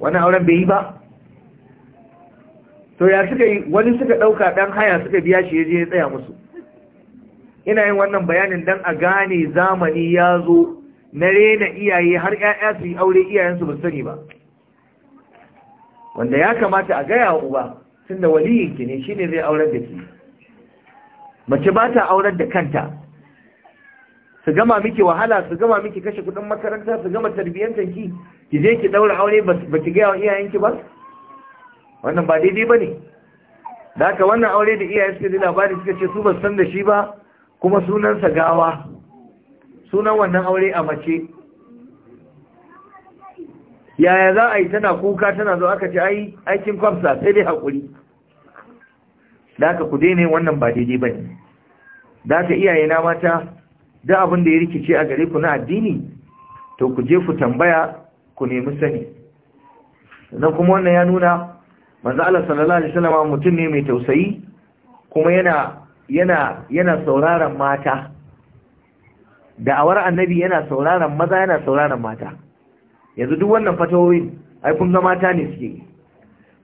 Wani auren bai yi ba to ya suka yi wani suka ɗauka ɗan haya suka biya shi ya je ya tsaya musu ina yin wannan bayanin dan a gane zamani ya zo na rena iyaye har 'ya'ya su yi aure iyayensu ba sani ba wanda ya kamata a gaya wa uba tun da waliyinki ne shine zai aurar da ki mace ba ta aurar da kanta su gama miki wahala su gama miki kashe kudin makaranta su gama tarbiyyantar ki ki je ki daura aure ba ki gaya wa iyayenki ba wannan ba daidai ba ne da haka wannan aure da iyayen suka ji labari suka ce su ba san da shi ba kuma sunansa gawa sunan wannan aure a mace yaya za a yi tana kuka tana zo aka ce ai aikin kwamsa sai dai haƙuri da haka ku daina wannan ba daidai ba ne da haka iyayena mata Da abin da ya rikice a gare ku na addini to ku je ku tambaya ku nemi sani sannan kuma wannan ya nuna manzo Allah sallallahu alaihi wasallam mutum ne mai tausayi kuma yana yana yana sauraron mata Da awar annabi yana sauraron maza yana sauraron mata yanzu duk wannan fatawoyin ai kun ga mata ne suke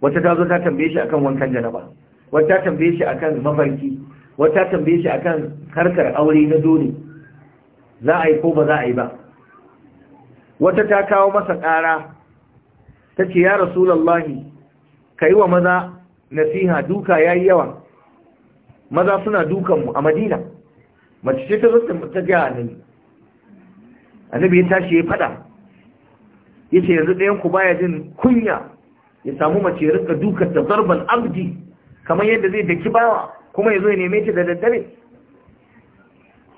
wata ta zo ta tambaye shi akan wankan janaba wata ta tambaye shi akan mafarki wata ta tambaye shi akan harkar aure na dole za a yi ko ba za a yi ba wata ta kawo masa ƙara ta ce ya rasulallahi ka yi wa maza nasiha duka ya yi yawa maza suna dukanmu a madina mace ce ta zata ta ga annabi annabi ya tashi ya fada ya ce yanzu ɗayan ku baya jin kunya ya samu mace ya rika dukar ta zarban abdi kamar yadda zai daki bawa kuma ya zo ya neme ta da daddare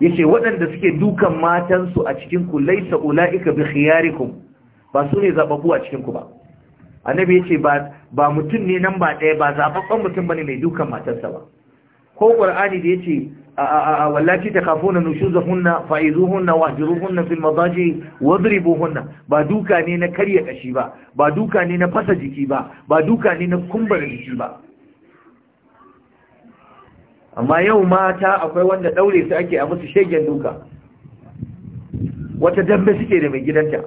yace waɗanda suke dukan matansu a cikin ku laisa ulaika bi khiyarikum ba su ne zababbu a cikin ku ba annabi yace ba ba mutum ne nan ba ɗaya ba zababban mutum bane mai dukan matansa ba ko qur'ani da yace wallati takafuna nushuzuhunna fa'izuhunna wahjuruhunna fil madaji wadribuhunna ba duka ne na karya kashi ba ba duka ne na fasa jiki ba ba duka ne na kumbar jiki ba amma yau mata akwai wanda daure su ake a musu shegen duka wata dambe suke da mai gidanta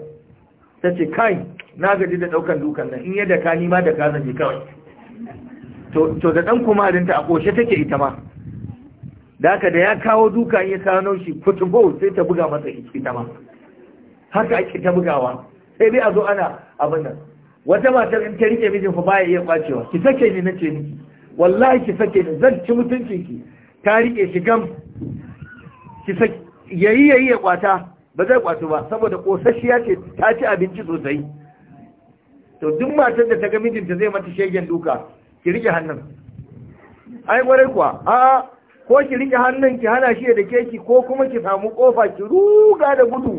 ta ce kai na gaji da daukan dukan nan in yadda ka nima da ka ji kawai to da dan kumarinta a koshe take ita ma da haka da ya kawo duka ya kano shi kutubo sai ta buga masa ita ma haka ake ta bugawa sai dai a zo ana abin nan wata matar in ta rike mijin fa baya iya kwacewa ki take ni nace miki wallahi ki sake zan ci mutuncin ki ta rike shi gam ki sake yayi yayi ya kwata ba zai kwatu ba saboda kosasshiya ce ta ci abinci sosai to duk matar da ta ga mijinta zai mata shegen duka ki rike hannun ai kwarai kuwa a ko ki rike hannun ki hana shi da keki ko kuma ki samu kofa ki ruga da gudu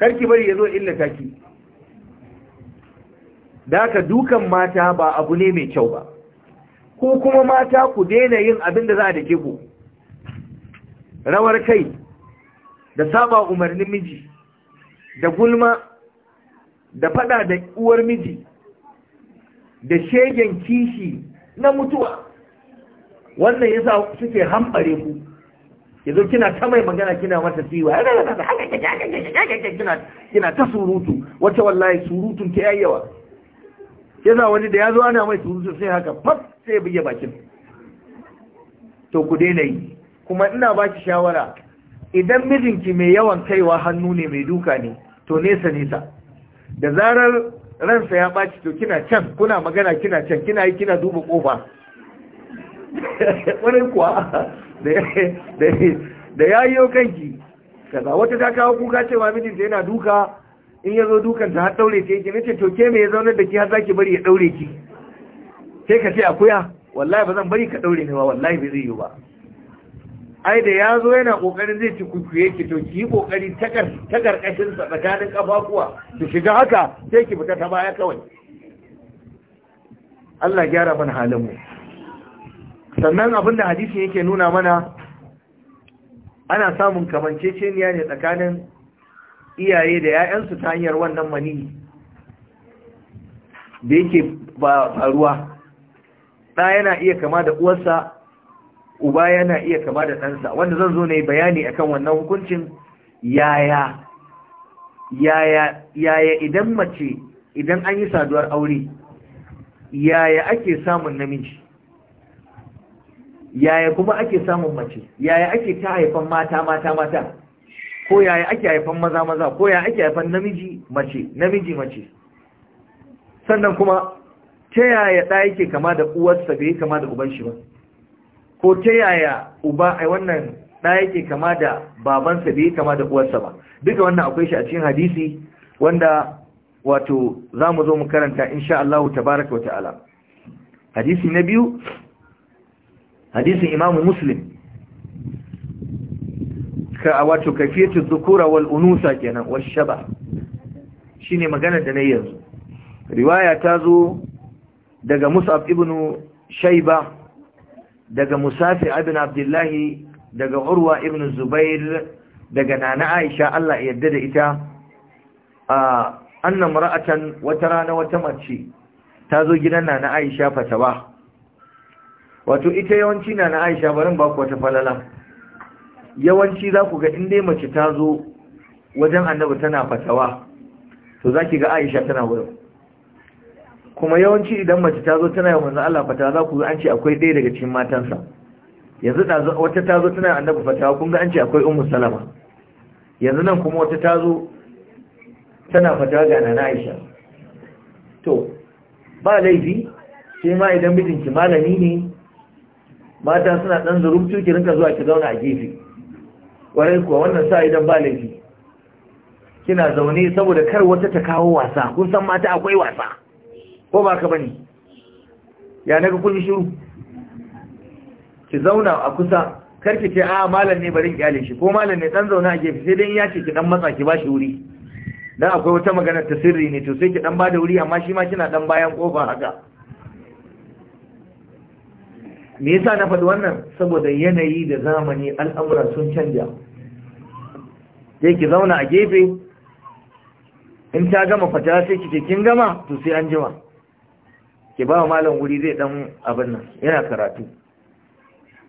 karki bari ya zo illata ki da aka dukan mata ba abu ne mai kyau ba ko kuma mata ku daina yin abin da za a dake ku rawar kai da saba umarnin miji da gulma da fada da uwar miji da shegen kishi na mutuwa wannan yasa suke hambare ku yanzu kina ta mai magana kina mata siwa kina ta surutu Wacce wallahi surutun ta yayyawa yasa wani da ya zo ana mai surutu sai haka fat sai ya buge bakin to ku daina yi kuma ina ba ki shawara idan mijinki mai yawan kaiwa hannu ne mai duka ne to nesa nesa da zarar ransa ya ɓaci to kina can kuna magana kina can kina yi kina duba ƙofa wani kuwa da ya yi kanki kaza wata ta kawo kuka cewa mijinta yana duka in ya zo dukanta har ɗaure ta yake nace to ke me ya zaunar da ki har zaki bari ya ɗaure ki sai ka ce akuya wallahi ba zan bari ka daure ni ba wallahi ba zai yi ba ai da ya zo yana kokarin zai ci kukuye ki to ki yi kokari ta karkashin sa tsakanin kafafuwa ki shiga haka sai ki fita ta baya kawai Allah gyara mana halin mu sannan abin da hadisi yake nuna mana ana samun kamanceceniya ne tsakanin iyaye da 'ya'yansu ta hanyar wannan mani da yake ba faruwa ɗa yana iya kama da uwarsa uba yana iya kama da ɗansa wanda zan zo ne bayani akan wannan hukuncin yaya yaya yaya idan mace idan an yi saduwar aure yaya ake samun namiji yaya kuma ake samun mace yaya ake ta haifan mata mata mata ko yaya ake haifan maza maza ko yaya ake haifan namiji mace namiji mace sannan kuma ta yaya ɗa yake kama da uwarsa bai kama da uban shi ba ko ta yaya uba ai wannan ɗa yake kama da babansa bai kama da uwarsa ba duka wannan akwai shi a cikin hadisi wanda wato za mu zo mu karanta insha Allah tabaraka wa ta'ala hadisi na biyu hadisin imam muslim ka wato kafiyatu zukura wal unusa kenan wasu shaba shine magana da nayi yanzu riwaya ta zo daga musab ibn shaiba daga musafi ibn abdullahi daga urwa ibn zubair daga nana aisha Allah ya yarda da ita a annan mar'atan wata rana wata mace ta zo gidan nana aisha fatawa wato ita yawanci nana aisha barin ba ku wata falala yawanci za ku ga in dai mace ta zo wajen annabi tana fatawa to za ki ga aisha tana wurin kuma yawanci idan mace ta zo tana yawan manzan Allah fatawa za ku an ce akwai ɗaya daga cikin matansa yanzu wata ta zo tana annabu fatawa kun ga an ce akwai umar salama yanzu nan kuma wata ta zo tana fata ga nana Aisha to ba laifi sai ma idan mijinki malami ne mata suna ɗan zurubtu ki rinka zuwa ki zauna a gefe ƙwarai kuwa wannan sa idan ba laifi kina zaune saboda kar wata ta kawo wasa kun san mata akwai wasa ko ba ka bane ya naga kun shiru ki zauna a kusa kar ki ce a malam ne barin kyale shi ko malam ne dan zauna a gefe sai dan ya ce ki dan matsa ki bashi wuri dan akwai wata magana ta sirri ne to sai ki dan bada wuri amma shi ma kina dan bayan kofa haka me yasa na faɗi wannan saboda yanayi da zamani al'amura sun canja sai ki zauna a gefe in ta gama fata sai ki ce kin gama to sai an jima Ke ba malam wuri zai dan abin nan yana karatu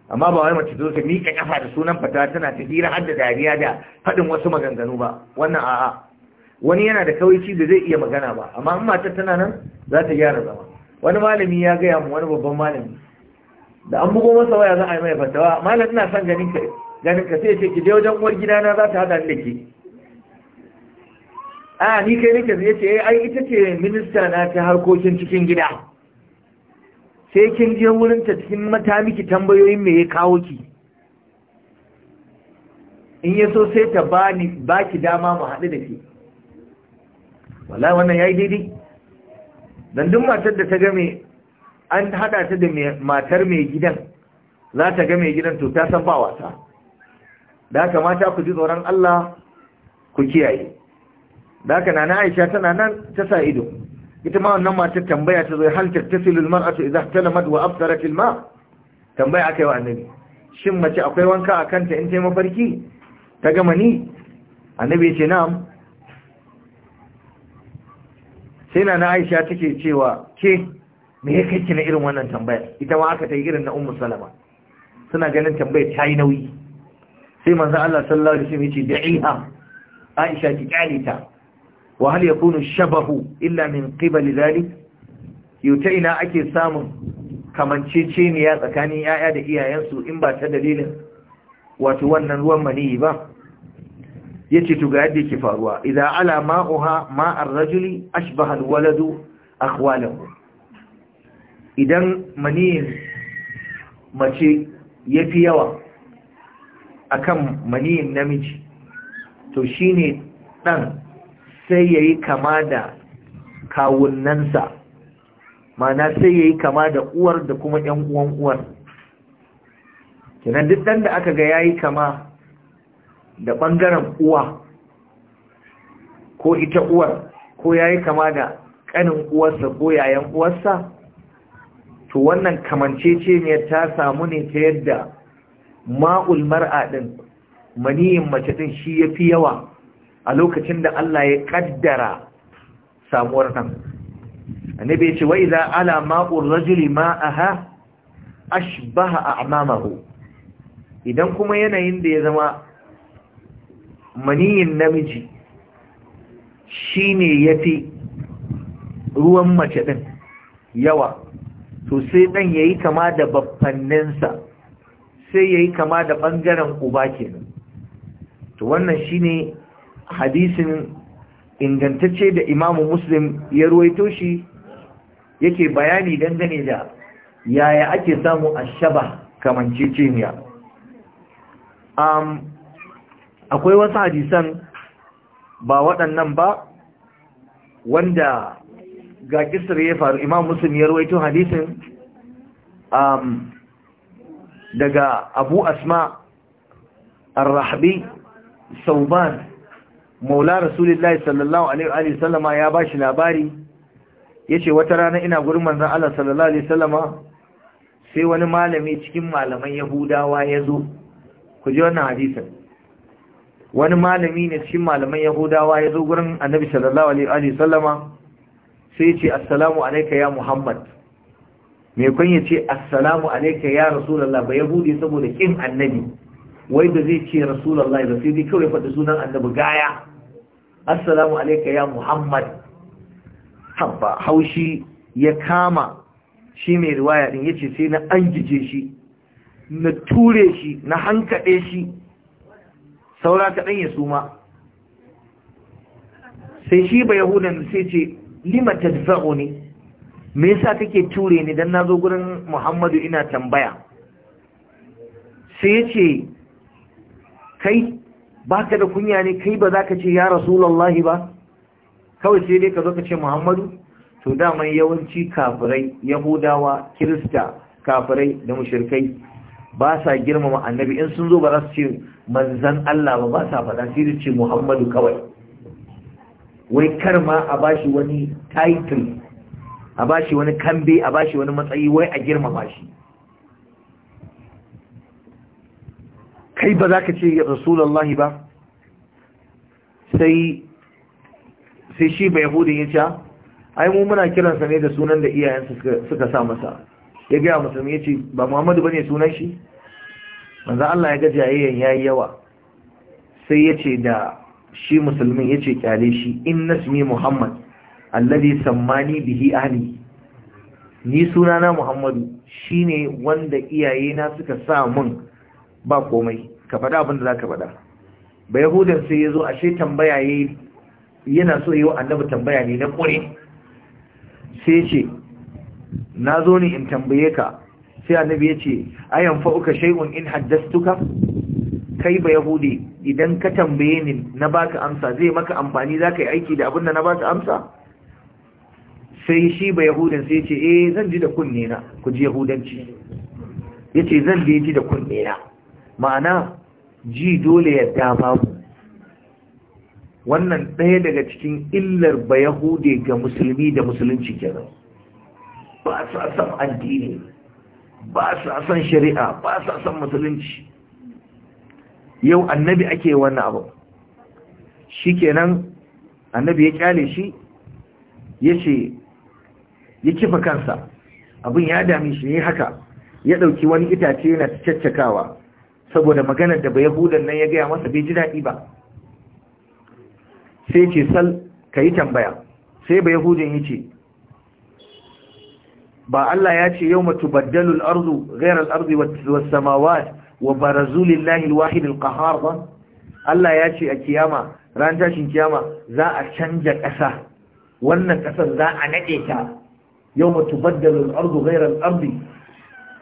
amma ba wai mace zo ta miƙa kafa da sunan fata tana ta hira har da dariya da fadin wasu maganganu ba wannan a'a wani yana da kawaici da zai iya magana ba amma in mata tana nan za ta gyara zama wani malami ya gaya mu wani babban malami da an bugo masa waya za a yi mai fatawa malam ina son ganin ka ganin ka sai ce ki je wajen uwar gidana za ta hada da ke a ni kai nake zai ce eh, ai ita ce minista na ta harkokin cikin gida sai kin je ta cikin mata miki tambayoyin me ya kawo ki in ya so sai ta bani baki dama mu haɗu da ke Wala wannan ya yi daidai don duk matar da ta ga me an hada ta da matar mai gidan za ta ga mai gidan to ta san ba wasa da haka mata ku ji tsoron Allah ku kiyaye da haka nana Aisha tana nan ta sa ido ita ma wannan matar tambaya ta zo hal tattasilul mar'atu idza talamat wa absarat al-ma tambaya akai wa annabi shin mace akwai wanka a kanta in tayi mafarki ta gama ni annabi ya ce na'am sai na Aisha take cewa ke me ya kai ki na irin wannan tambaya ita ma aka ta yi irin na ummu salama suna ganin tambayar ta yi nauyi sai manzo Allah sallallahu alaihi wasallam ya ce da'iha Aisha ki kyale ta wa hal yakunu shabahu illa min qibal zalik yuta ina ake samun kamanceceniya tsakanin yaya da iyayensu in ba ta dalilin wato wannan ruwan maniyi ba yace to ga yadda faruwa idan ala ma'uha ma'ar rajuli ashbaha alwaladu akhwalahu idan maniyin mace yafi yawa akan maniyin namiji to shine dan sai ya yi kama da kawunansa mana sai ya yi kama da uwar da kuma ‘yan uwan uwar kinan duk da aka ga ya yi kama da ɓangaren uwa ko ita uwar ko ya yi kama da ƙanin uwarsa ko yayan uwarsa to wannan kamancece ne ta samu ne ta yadda ma'ul mar'a maniyin mace din shi yafi yawa a lokacin da Allah ya kaddara samuwar nan annabi ya ce za idza ala ma'ur rajuli ma'aha ashbaha a'mamahu idan kuma yanayin da ya zama maniyin namiji shine yafi ruwan mace ɗin yawa to sai dan yayi kama da baffanninsa sai yayi kama da ɓangaren uba kenan to wannan shine hadisin ingantacce da imamu muslim ya ruwaito shi yake bayani dangane da yaya ake samu a ashaba kamanceceniya um, akwai wasu hadisan ba waɗannan ba wanda ga kisar ya faru imam muslim ya ruwaito hadisin daga abu asma الرحبي صوبان maula rasulullahi sallallahu alaihi wa sallama ya bashi labari yace wata rana ina gurin manzon Allah sallallahu alaihi wasallama sai wani malami cikin malaman yahudawa ya zo ku ji wannan hadisin wani malami ne cikin malaman yahudawa ya zo gurin annabi sallallahu alaihi wasallama sai ya ce assalamu alayka ya muhammad me kun ya ce assalamu alayka ya rasulullah ba yahudi saboda kin annabi wai da zai ce rasulullah ba sai dai kawai faɗi sunan annabi gaya assalamu alaika ya muhammad haba haushi ya kama shi mai riwaya din yace sai na angije shi na ture shi na hankade shi saura kaɗan ya suma sai shi ba yahudan sai ce lima tadfa'u ne me yasa kake ture ni dan nazo gurin muhammadu ina tambaya sai yace kai baka da kunya ne kai ba za ka ce ya lallahi ba kawai sai dai ka zo ka ce muhammadu to dama yawanci kafirai yahudawa kirista kafirai da mushirkai ba sa girmama annabi in sun zo ba za su ce manzan Allah ba ba sa faɗa sai da ce muhammadu kawai wai kar ma a bashi wani title a bashi wani kambe a bashi wani matsayi wai a girmama shi kai ba za ka ce rasulullahi ba sai shi bai yahudin ya ce ah, ai mu muna kiransa ne da sunan da iyayensa suka sa masa ya gaya musulmi ya ce ba muhammadu ba ne sunan shi manzan Allah ya ga jayayyan ya yi yawa sai ya ce da shi musulmin ya ce kyale shi in nasmi muhammad alladi sammani bihi ahli ni sunana muhammadu shine wanda iyayena suka sa mun ba komai ka faɗa abin da za ka faɗa ba yahudan sai ya zo ashe tambaya yi yana so yi wa annabi tambaya ne na ƙure sai ce na zo ne in tambaye ka sai annabi ya ce ayan fa'uka shay'un in haddastuka kai ba yahudi idan ka tambaye ni na baka amsa zai maka amfani za ka yi aiki da abin da na baka amsa sai shi ba yahudin sai ce eh zan ji da kunne na ku ji yahudanci ya ce zan ji da kunne na ma'ana ji dole ya yadda babu wannan ɗaya daga cikin illar ba yahude ga musulmi da musulunci kenan ba su san addini ba su san shari'a ba su san musulunci yau annabi ake wannan abu shikenan annabi ya kyale shi ya ce ya kifa kansa abin ya dami shi ne haka ya ɗauki wani itace yana caccakawa saboda maganar da bai hudan nan ya gaya masa bai ji daɗi ba sai ce sal ka yi tambaya sai bai yahudin ya ce ba Allah ya ce yau matu baddalul arzu gairar arzu wa samawa wa barazulin lahil wahidin ƙahar ba Allah ya ce a kiyama ran tashin kiyama za a canja ƙasa wannan ƙasar za a naɗe ta yau matu baddalul arzu gairar arzu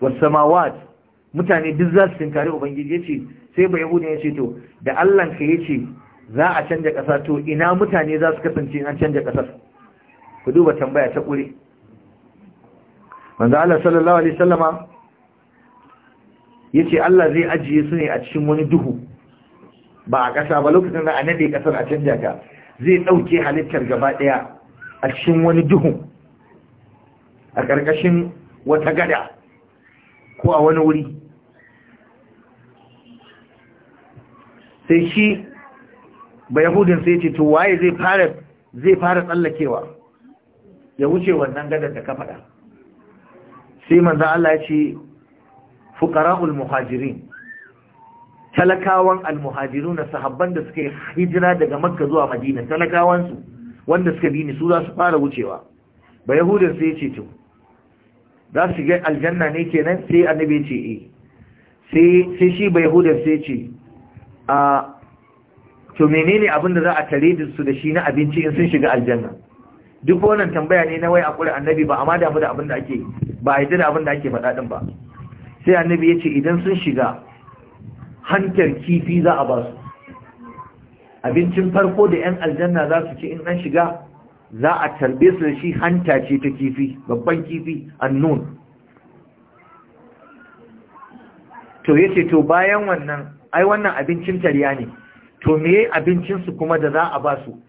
wa samawa mutane duk za su tinkari ubangiji yace sai ba ya yace to da Allah ka yace za a canja ƙasa to ina mutane za su kasance an canja ƙasar ku duba tambaya ta ƙure manzo Allah sallallahu alaihi wasallama yace Allah zai ajiye su ne a cikin wani duhu ba a ƙasa ba lokacin da a naɗe ƙasar a canja ta zai ɗauke halittar gaba ɗaya a cikin wani duhu a ƙarƙashin wata gada ko a wani wuri sai shi ba yahudin sai ce to waye zai fara zai fara tsallakewa ya wuce wannan gadar da ka faɗa sai manza Allah ya ce fuqara'ul muhajirin talakawan almuhajiruna sahabban da suka hijira daga makka zuwa madina talakawansu, wanda suka bi ni su za su fara wucewa ba yahudin sai ce to za su ga aljanna ne kenan sai annabi ce eh sai shi bai hudar sai ce a to menene abin da za a tare da su da shi na abinci in sun shiga aljanna duk wannan tambaya ne na wai a kuri annabi ba amma damu da abin da ake ba a da abin da ake faɗa din ba sai annabi ya ce idan sun shiga hantar kifi za a ba su abincin farko da 'yan aljanna za su ci in an shiga za a tarbe su da shi hanta ce ta kifi babban kifi annun to ya ce to bayan wannan ai wannan abincin tariya ne to me abincinsu kuma da za a ba su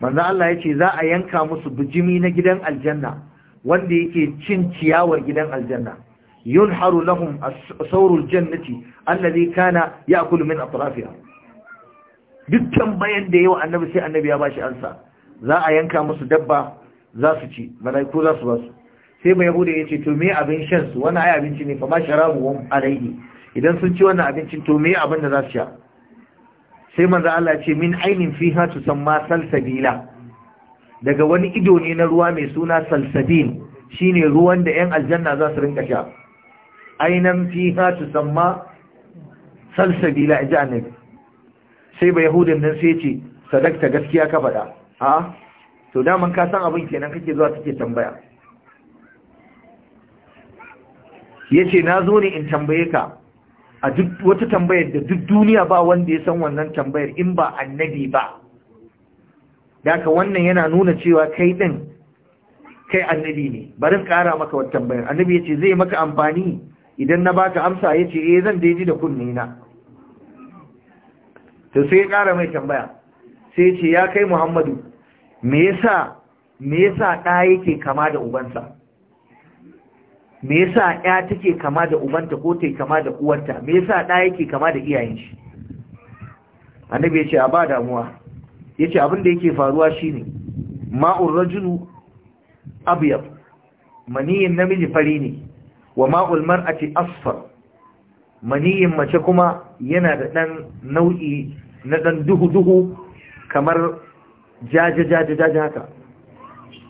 manzan Allah ya ce za a yanka musu bijimi na gidan aljanna wanda yake cin ciyawar gidan aljanna Yun haru lahun a sawrul jannati allazi kana ya ya'kulu min atrafiha dukkan bayan da yawa annabi sai annabi ya ba shi ansa za a yanka musu dabba za su ci mala'iku za su ba su sai mai yahuda ya ce to me abin shan su wani ai abinci ne fa ma wa alaihi idan sun ci wannan abincin to me abin da za su sha sai manzo Allah ce min ainin fiha tusamma salsabila daga wani ido ne na ruwa mai suna salsabil shine ruwan da 'yan aljanna za su rinka sha ainan fiha tusamma salsabila ji sai bai yahudan nan sai ce sadakta gaskiya ka faɗa a to daman ka san abin kenan kake zuwa kake tambaya yace na zo ne in tambaye ka a duk wata tambayar da duk duniya ba wanda ya san wannan tambayar in ba annabi ba daga wannan yana nuna cewa kai din kai annabi ne bari kara maka wata tambayar annabi yace zai maka amfani idan na baka amsa yace eh zan daiji da kunne na to sai ya kara mai tambaya sai ce ya kai Muhammadu me yasa me yasa ɗa yake kama da ubansa me yasa ɗa take kama da ubanta ko take kama da uwarta me yasa ɗa yake kama da iyayen shi annabi ya ce a ba damuwa ya ce abinda yake faruwa shine ma'ur rajulu abyab maniyin namiji fari ne wa ma'ul mar'ati asfar maniyin mace kuma yana da ɗan nau'i na ɗan duhu-duhu kamar jaje jaje jaje haka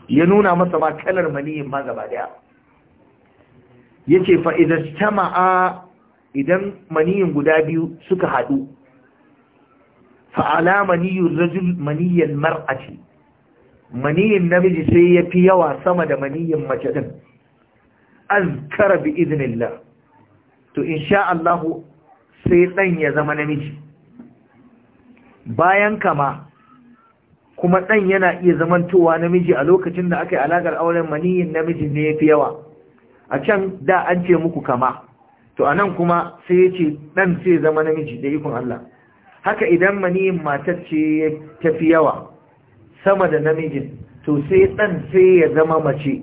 ya nuna masa ma kalar maniyin ma gaba daya yace fa idan tama'a idan maniyin guda biyu suka haɗu fa'ala maniyin rajul maniyin mar'aci maniyin namiji sai ya fi yawa sama da maniyin mace ɗin azkara bi iznillah to insha Allahu sai ɗan ya zama namiji bayan kama kuma ɗan yana iya zamantowa namiji a lokacin da aka yi alaƙar auren maniyin namiji ne ya fi yawa a can da an ce muku kama to a kuma sai ya ce ɗan sai zama namiji da ikon Allah haka idan maniyin matar ce ta fi yawa sama da namijin to sai ɗan sai ya zama mace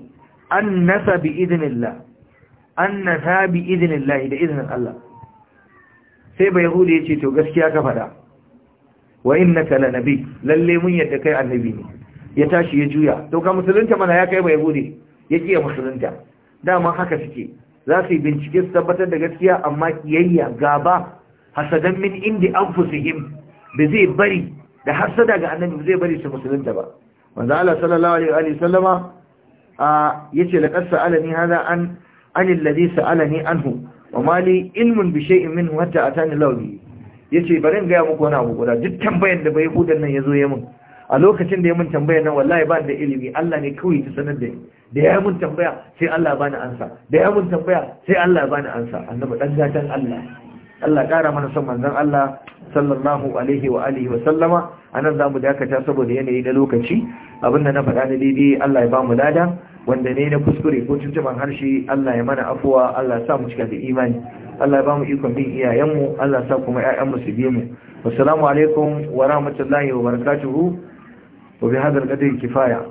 an nasa bi idinillah an nasa bi idinillah da izinin Allah sai bai hudu ya ce to gaskiya ka faɗa wa innaka lanabi lalle mun yadda kai annabi ne ya tashi ya juya to ka musulunta mana ya kai ya buɗe? ya kiya musulunta dama haka suke za su yi bincike su tabbatar da gaskiya amma kiyayya gaba hasadan min indi anfusihim ba zai bari da hasada ga annabi zai bari su musulunta ba manzo Allah sallallahu alaihi wa sallama yace laqad Alani hada an an alladhi sa'alani anhu wa mali ilmun bi shay'in minhu hatta atani lawi Ya ce, bari in gaya muku wani abu guda duk tambayar da bai hudan nan zo ya mun a lokacin da ya mun tambaya nan wallahi ba da ilimi Allah ne kawai ta sanar da ni da ya mun tambaya sai Allah bani ansa da ya mun tambaya sai Allah bani ansa annabi dan gatan Allah Allah kara mana son manzon Allah sallallahu alaihi wa alihi wa sallama anan zamu dakata saboda yanayi da lokaci abinda na faɗa da daidai Allah ya ba mu lada wanda ne na kuskure ko tuntuban harshe Allah ya mana afuwa Allah ya sa mu cika da imani Allah ba mu ikon bin iyayenmu Allah sa kuma 'ya'yanmu su bi mu assalamu alaikum wa rahmatullahi wa barakatuhu wa bi hadal qadri kifaya